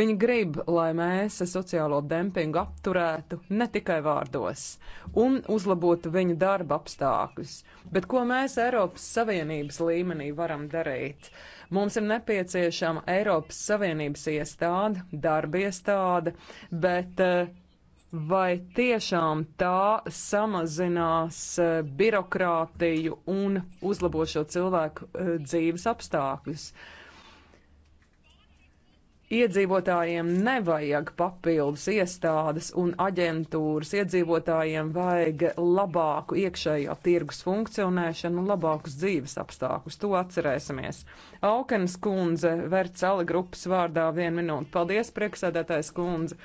Viņi grib, lai mēs sociālo dempingu apturētu ne tikai vārdos un uzlabotu viņu darba apstākļus, bet ko mēs Eiropas Savienības līmenī varam darīt? Mums ir nepieciešama Eiropas Savienības iestāde, darba iestāde, bet uh, vai tiešām tā samazinās eh, birokrātiju un uzlabo šo cilvēku eh, dzīves apstākļus. Uh, Iedzīvotājiem nevajag papildus iestādes un aģentūras. Iedzīvotājiem vajag labāku iekšējā tirgus funkcionēšanu un labākus dzīves apstākļus. To atcerēsimies. Aukenas kundze, Vercela grupas vārdā vienu minūti. Paldies, prieksēdētājs kundze.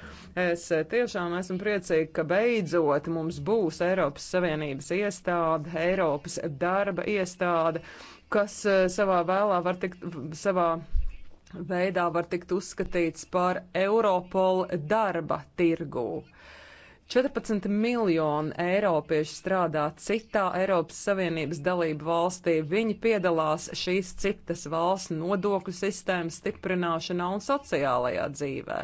Es eh, tiešām esmu priecīgi, ka beidzot mums būs Eiropas Savienības iestāde, Eiropas darba iestāde, kas eh, savā vēlā var tikt savā veidā var tikt uzskatīts par Europol darba tirgū. 14 miljoni eiropiešu strādā citā Eiropas Savienības dalību valstī. Viņi piedalās šīs citas valsts nodokļu sistēmas stiprināšanā un sociālajā dzīvē.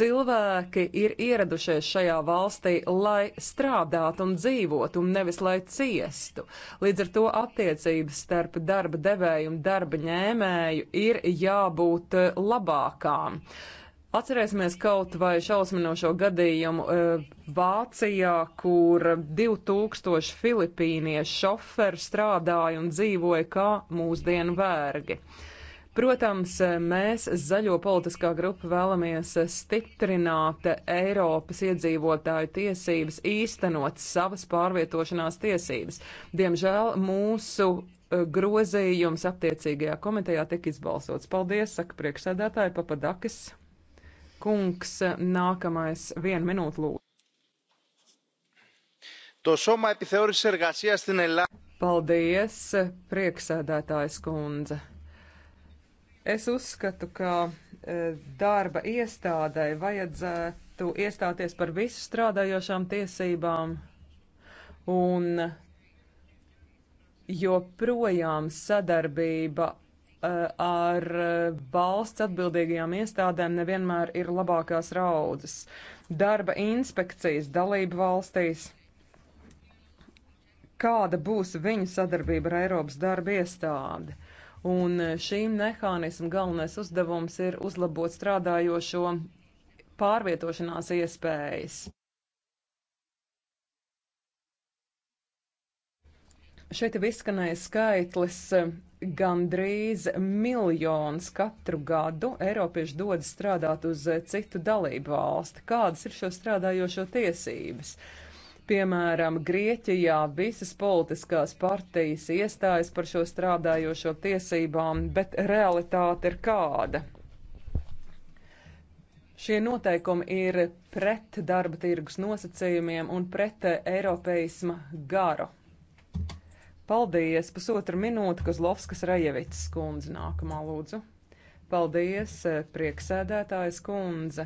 Cilvēki ir ieradušies šajā valstī, lai strādātu un dzīvotu, un nevis lai ciestu. Līdz ar to attiecības starp darba devēju un darba ņēmēju ir jābūt labākām. Uh, Atcerēsimies kaut vai šausminošo gadījumu e, Vācijā, kur 2000 filipīniešu šoferi strādāja un dzīvoja kā mūsdienu vērgi. Protams, e, mēs zaļo politiskā grupa vēlamies stiprināt Eiropas iedzīvotāju tiesības, īstenot savas pārvietošanās tiesības. Diemžēl mūsu e, grozījums attiecīgajā komitejā tika izbalsots. Paldies, saka priekšsēdētāji Papadakis kungs, nākamais vienu minūtu lūdzu. To soma epithēoris ergasijas στην Ελλάδα. Paldies, prieksēdētājs kundze. Es uzskatu, ka e, darba iestādai vajadzētu iestāties par visu strādājošām tiesībām un joprojām sadarbība ar eh, valsts atbildīgajām iestādēm nevienmēr ir labākās raudzes. Darba inspekcijas dalību valstīs. Kāda būs viņu sadarbība ar Eiropas darba iestādi? Un eh, šīm mehānismu galvenais uzdevums ir uzlabot strādājošo pārvietošanās iespējas. Šeit ir izskanējis skaitlis eh, gandrīz miljons katru gadu Eiropieši dodas strādāt uz citu dalību valsti. Kādas ir šo strādājošo tiesības? Piemēram, Grieķijā visas politiskās partijas iestājas par šo strādājošo tiesībām, bet realitāte ir kāda. Šie noteikumi ir pret darba tirgus nosacījumiem un pret Eiropeisma garu. Paldies! Pusotra minūte Kozlovskas Rajevicas kundze nākamā lūdzu. Paldies, eh, prieksēdētājas kundze,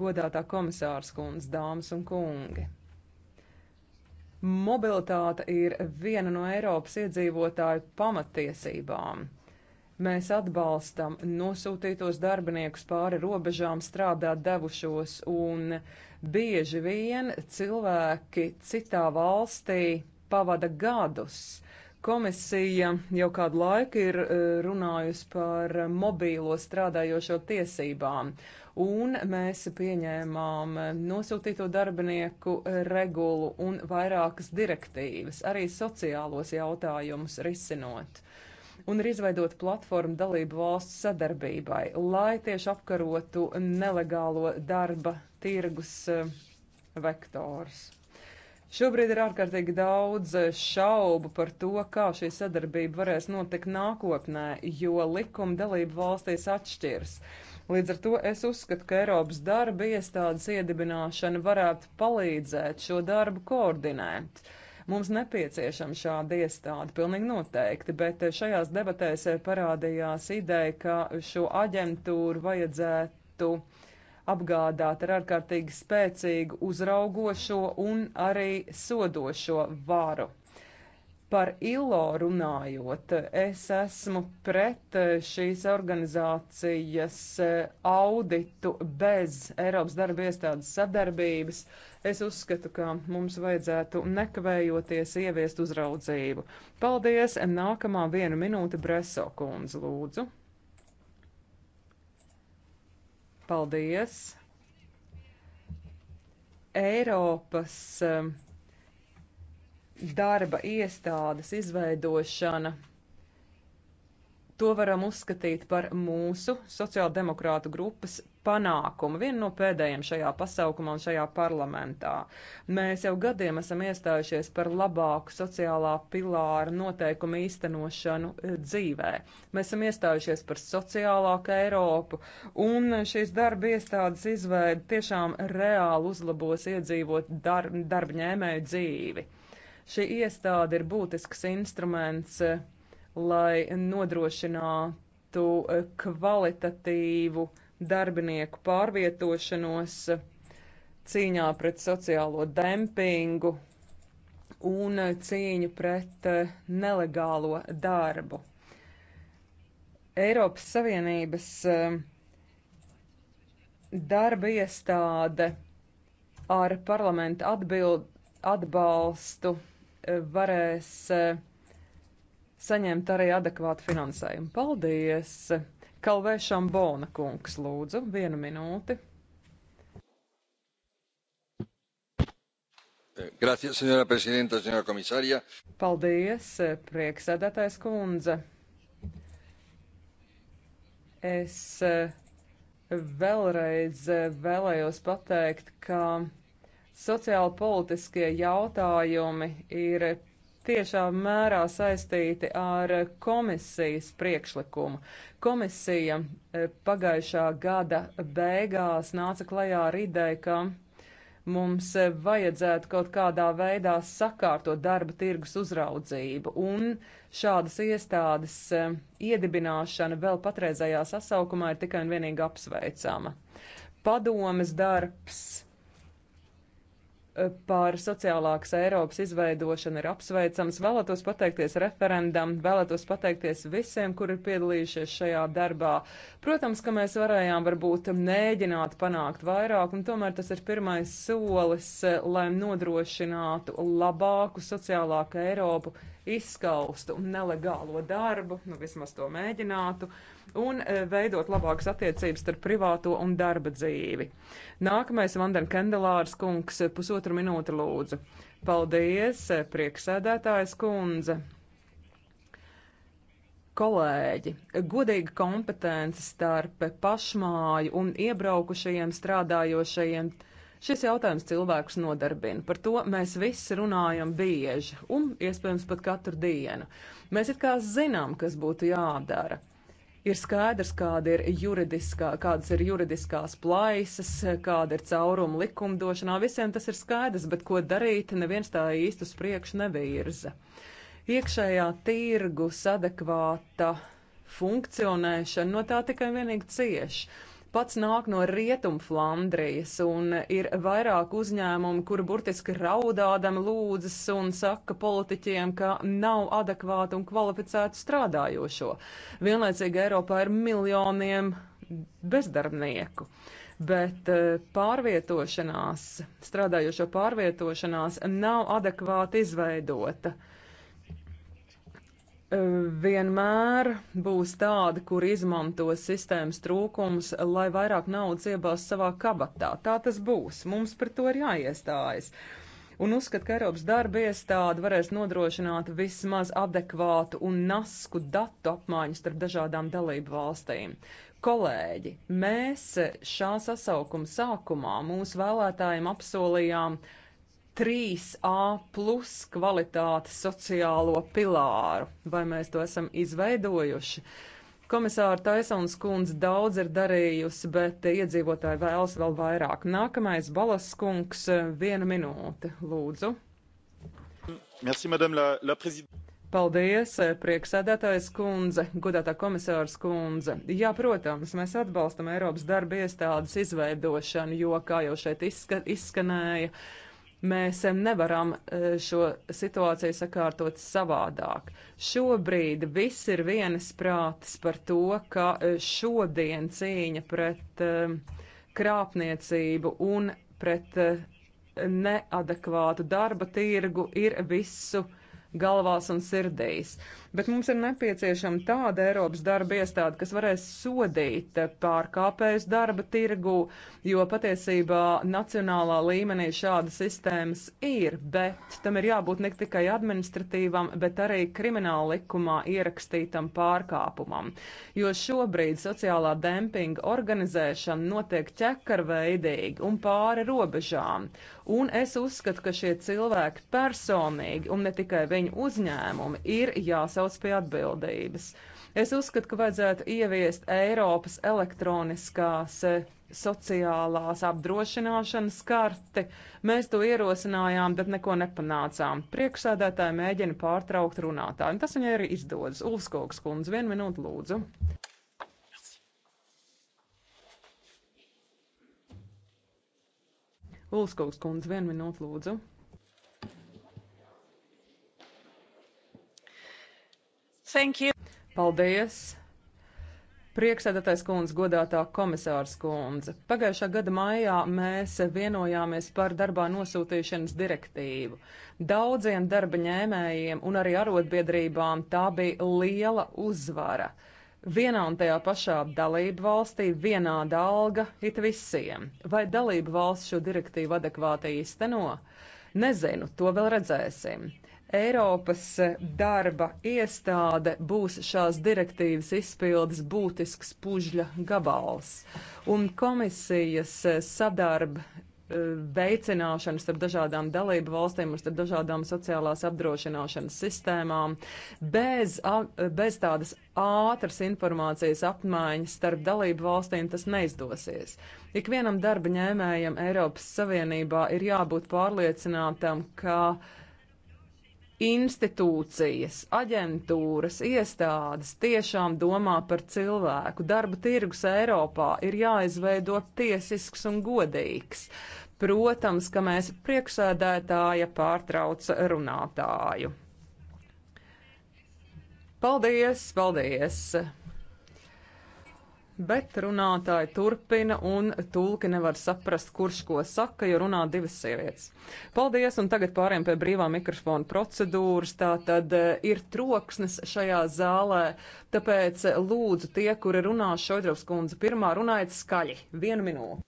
godātā komisārs kundze, dāmas un kungi. Mobilitāte ir viena no Eiropas iedzīvotāju pamatiesībām. Mēs atbalstam nosūtītos darbiniekus pāri robežām strādāt devušos, un bieži vien cilvēki citā valstī pavada gadus. Komisija jau kādu laiku ir e, runājusi par mobīlo strādājošo tiesībām, un mēs pieņēmām nosūtīto darbinieku regulu un vairākas direktīvas, arī sociālos jautājumus risinot. Un ir izveidot platformu dalību valstu sadarbībai, lai tieši apkarotu nelegālo darba tirgus e, vektors. Šobrīd ir ārkārtīgi daudz šaubu par to, kā šī sadarbība varēs notikt nākotnē, jo likuma dalību valstīs atšķirs. Līdz ar to es uzskatu, ka Eiropas darba iestādes iedibināšana varētu palīdzēt šo darbu koordinēt. Mums nepieciešama šāda iestāde, pilnīgi noteikti, bet šajās debatēs parādījās ideja, ka šo aģentūru vajadzētu uh, apgādāta ar ārkārtīgi spēcīgu uzraugošo un arī sodošo varu. Par ILO runājot, es esmu pret šīs organizācijas auditu bez Eiropas darba iestādes sadarbības. Es uzskatu, ka mums vajadzētu nekavējoties ieviest uzraudzību. Paldies! Nākamā viena minūte Breso kundze, lūdzu! Paldies! Eiropas um, darba iestādes izveidošana. To varam uzskatīt par mūsu sociāldemokrātu grupas panākumu, vienu no pēdējiem šajā pasaukumā un šajā parlamentā. Mēs jau gadiem esam iestājušies par labāku sociālā pilāra noteikumu īstenošanu eh, dzīvē. Mēs esam iestājušies par sociālāku Eiropu, un šīs darba iestādes izveida tiešām reāli uzlabos iedzīvot dar darbņēmēju dzīvi. Šī iestāde ir būtisks instruments, eh, lai nodrošinātu eh, kvalitatīvu uh, darbinieku pārvietošanos cīņā pret sociālo dempingu un cīņu pret eh, nelegālo darbu. Eiropas Savienības eh, darba iestāde ar parlamentu atbild, atbalstu eh, varēs saņemt arī adekvātu finansējumu. Paldies! Kalvēšam Bona kungs, lūdzu, vienu minūti. Gracias, señora presidenta, señora komisārija. Paldies, prieksēdētājs kundze. Es eh, vēlreiz eh, vēlējos pateikt, ka sociāli politiskie jautājumi ir tiešā mērā saistīti ar komisijas priekšlikumu. Komisija eh, pagājušā gada beigās nāca klajā ar ideju, ka mums eh, vajadzētu kaut kādā veidā sakārtot darba tirgus uzraudzību, un šādas iestādes eh, iedibināšana vēl patreizējā sasaukumā ir tikai un vienīgi apsveicama. Padomes darbs par sociālākas Eiropas izveidošanu ir apsveicams. Vēlētos pateikties referendam, vēlētos pateikties visiem, kuri ir piedalījušies šajā darbā. Protams, ka mēs varējām varbūt mēģināt panākt vairāk, un tomēr tas ir pirmais solis, eh, lai nodrošinātu labāku sociālāku Eiropu izskaustu nelegālo darbu, nu vismaz to mēģinātu, un e, veidot labākas attiecības starp privāto un darba dzīvi. Nākamais Vandena Kendelārs kungs, e, pusotru minūti lūdzu. Paldies, e, prieksēdētājs kundze. Kolēģi, godīga kompetence starp pašmāju un iebraukušajiem strādājošajiem cilvēkiem Šis jautājums cilvēkus nodarbina. Par to mēs visi runājam bieži un iespējams pat katru dienu. Mēs it kā zinām, kas būtu jādara. Ir skaidrs, kāda ir juridiskā, kādas ir juridiskās plaisas, kāda ir cauruma likumdošanā. Visiem tas ir skaidrs, bet ko darīt, neviens tā īsti uz priekšu nevirza. Iekšējā tirgus adekvāta funkcionēšana no tā tikai vienīgi cieši pats nāk no rietumu Flandrijas un ir vairāk uzņēmumu, kuri burtiski raudādam lūdzas un saka politiķiem, ka nav adekvātu un kvalificētu strādājošo. Vienlaicīgi Eiropā ir miljoniem bezdarbnieku. Bet eh, pārvietošanās, strādājošo pārvietošanās nav adekvāti izveidota. Uh, vienmēr būs tādi, kur izmantos sistēmas trūkums, lai vairāk naudas iebāzt savā kabatā. Tā tas būs. Mums par to ir jāiestājas. Un uzskat, ka Eiropas darba iestāde varēs nodrošināt vismaz adekvātu un nasku datu apmaiņu starp dažādām dalību valstīm. Kolēģi, mēs šā sasaukuma sākumā mūsu vēlētājiem apsolījām uh, 3A plus kvalitātes sociālo pilāru. Vai mēs to esam izveidojuši? Komisāra Taisons kundze daudz ir darījusi, bet iedzīvotāji vēlas vēl vairāk. Nākamais balas kungs viena minūte, lūdzu. Merci, madame la, la prezidente. Paldies, prieksēdētājs kundze, godātā komisārs kundze. Jā, protams, mēs atbalstam Eiropas darba iestādes izveidošanu, jo, kā jau šeit izska izskanēja, uh, Mēs nevaram e, šo situāciju sakārtot savādāk. Šobrīd viss ir vienas prātas par to, ka e, šodien cīņa pret e, krāpniecību un pret neadekvātu darba tirgu ir visu galvās un sirdīs bet mums ir nepieciešama tāda Eiropas darba iestāde, kas varēs sodīt pārkāpējus darba tirgu, jo patiesībā nacionālā līmenī šāda sistēmas ir, bet tam ir jābūt ne tikai administratīvam, bet arī krimināla likumā ierakstītam pārkāpumam. Jo šobrīd sociālā dempinga organizēšana notiek ķekarveidīgi un pāri robežām. Un es uzskatu, ka šie cilvēki personīgi un ne tikai viņu uzņēmumi ir jāsaprot sauc pie atbildības. Es uzskatu, ka vajadzētu ieviest Eiropas elektroniskās e, sociālās apdrošināšanas karti. Mēs to ierosinājām, bet neko nepanācām. Priekšsēdētāji mēģina pārtraukt runātāju, un tas viņai arī izdodas. Ulfskogs kundze, vienu minūtu lūdzu. Ulfskogs kundze, vienu minūtu lūdzu. Thank you. Paldies! Priekšsēdētais kundze, godātā komisārs kundze. Pagājušā gada maijā mēs vienojāmies par darbā nosūtīšanas direktīvu. Daudziem darba ņēmējiem un arī arotbiedrībām tā bija liela uzvara. Vienā un tajā pašā dalību valstī vienāda alga it visiem. Vai dalību valsts šo direktīvu adekvāti īsteno? Nezinu, to vēl redzēsim. Eiropas eh, darba iestāde būs šās direktīvas izpildes būtisks pužļa gabals, un komisijas eh, sadarba eh, veicināšanu starp dažādām dalību valstīm un starp dažādām sociālās apdrošināšanas sistēmām, bez, bez tādas ātras informācijas apmaiņas starp dalību valstīm tas neizdosies. Ikvienam darba ņēmējam Eiropas Savienībā ir jābūt pārliecinātam, ka uh, institūcijas, aģentūras, iestādes tiešām domā par cilvēku. Darba tirgus Eiropā ir jāizveido tiesisks un godīgs. Protams, ka mēs priekšsēdētāja pārtrauc runātāju. Paldies, paldies! Bet runātāji turpina, un tulki nevar saprast, kurš ko saka, jo runā divas sievietes. Paldies, un tagad pāriem pie brīvā mikrofona procedūras. Tā tad eh, ir troksnis šajā zālē, tāpēc eh, lūdzu tie, kuri runā Šoidrovs kundze pirmā, runājiet skaļi. Vienu minūti.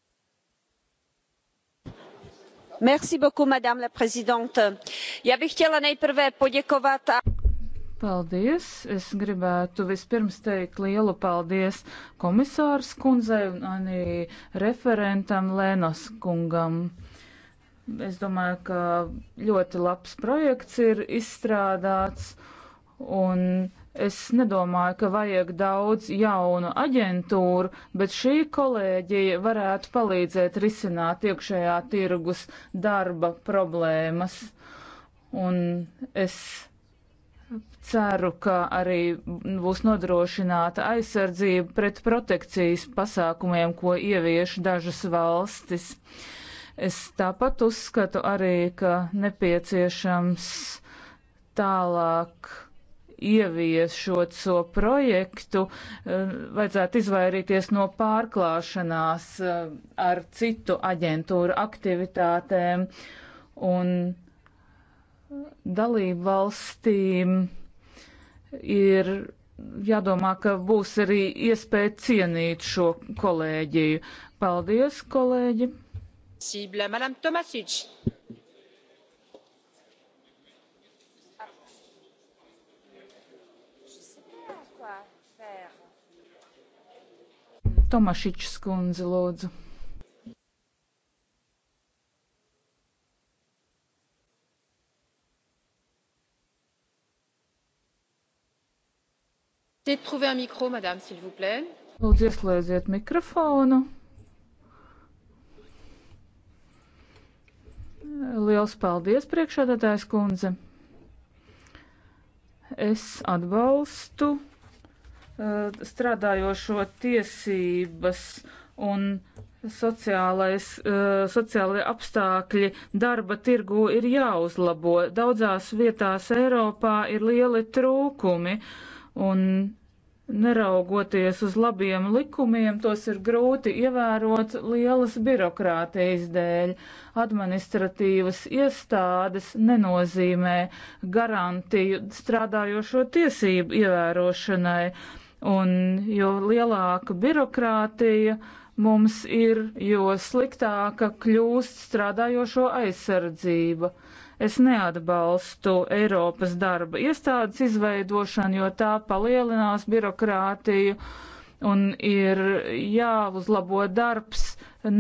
Merci beaucoup, madame la présidente. Já bych chtěla nejprve poděkovat. A... Paldies! Es gribētu vispirms teikt lielu paldies komisārs kundzei un arī referentam Lēnas kungam. Es domāju, ka ļoti labs projekts ir izstrādāts un es nedomāju, ka vajag daudz jaunu aģentūru, bet šī kolēģija varētu palīdzēt risināt iekšējā tirgus darba problēmas. Un es Ceru, ka arī būs nodrošināta aizsardzība pret protekcijas pasākumiem, ko ievieš dažas valstis. Es tāpat uzskatu arī, ka nepieciešams tālāk ieviešot šo so projektu, eh, vajadzētu izvairīties no pārklāšanās eh, ar citu aģentūru aktivitātēm. Un dalību valstīm ir jādomā, ka būs arī iespēja cienīt šo kolēģiju. Paldies, kolēģi! Tomašičs kundze, lūdzu. Mikro, madame, Lūdzu, ieslēdziet mikrofonu. Liels paldies, priekšādātājs kundze. Es atbalstu eh, strādājošo tiesības un sociālais, eh, sociālai apstākļi darba tirgu ir jāuzlabo. Daudzās vietās Eiropā ir lieli trūkumi un neraugoties uz labiem likumiem, tos ir grūti ievērot lielas birokrātijas dēļ. Administratīvas iestādes nenozīmē garantiju strādājošo tiesību ievērošanai, un jo lielāka birokrātija mums ir, jo sliktāka kļūst strādājošo aizsardzība. Es neatbalstu Eiropas darba iestādes izveidošanu, jo tā palielinās birokrātiju un ir jāuzlabo darbs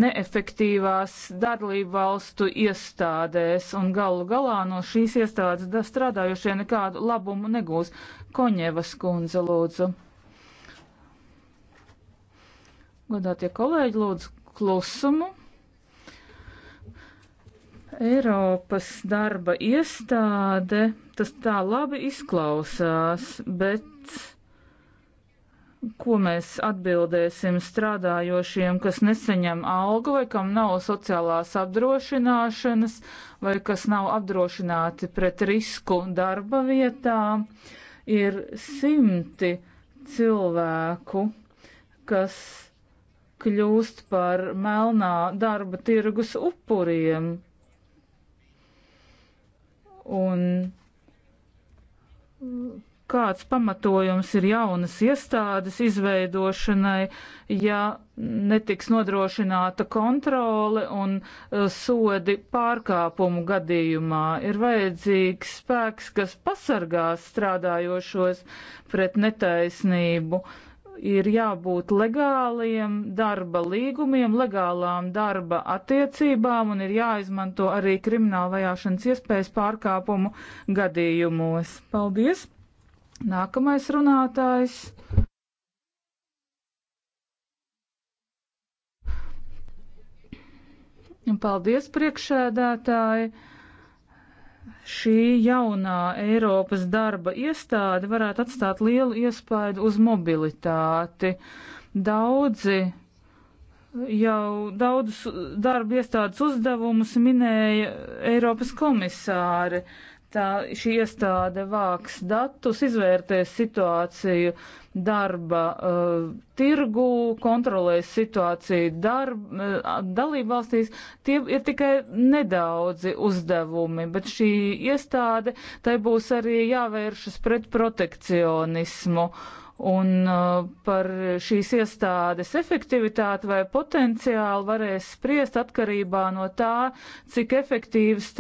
neefektīvās darbību valstu iestādēs, un galu galā no šīs iestādes strādājošie nekādu labumu negūs. Koņevas kundze, lūdzu. Godātie kolēģi, lūdzu klusumu. Eiropas darba iestāde, tas tā labi izklausās, bet ko mēs atbildēsim strādājošiem, kas nesaņem algu vai kam nav sociālās apdrošināšanas vai kas nav apdrošināti pret risku darba vietā, ir simti cilvēku, kas kļūst par melnā darba tirgus upuriem un kāds pamatojums ir jaunas iestādes izveidošanai, ja netiks nodrošināta kontrole un eh, sodi pārkāpumu gadījumā. Ir vajadzīgs spēks, kas pasargās strādājošos pret netaisnību. Uh, ir jābūt legāliem darba līgumiem, legālām darba attiecībām un ir jāizmanto arī krimināla vajāšanas iespējas pārkāpumu gadījumos. Paldies! Nākamais runātājs. Paldies, priekšēdētāji! šī jaunā Eiropas darba iestāde varētu atstāt lielu iespaidu uz mobilitāti. Daudzi jau daudzus darba iestādes uzdevumus minēja Eiropas komisāri. Tā šī iestāde vāks datus, izvērtēs situāciju darba uh, tirgu, kontrolē situāciju darba, uh, dalību valstīs. Tie ir tikai nedaudzi uzdevumi, bet šī iestāde, tai būs arī jāvēršas pret protekcionismu. Un uh, par šīs iestādes efektivitāti vai potenciālu varēs spriest atkarībā no tā, cik efektīvi strādā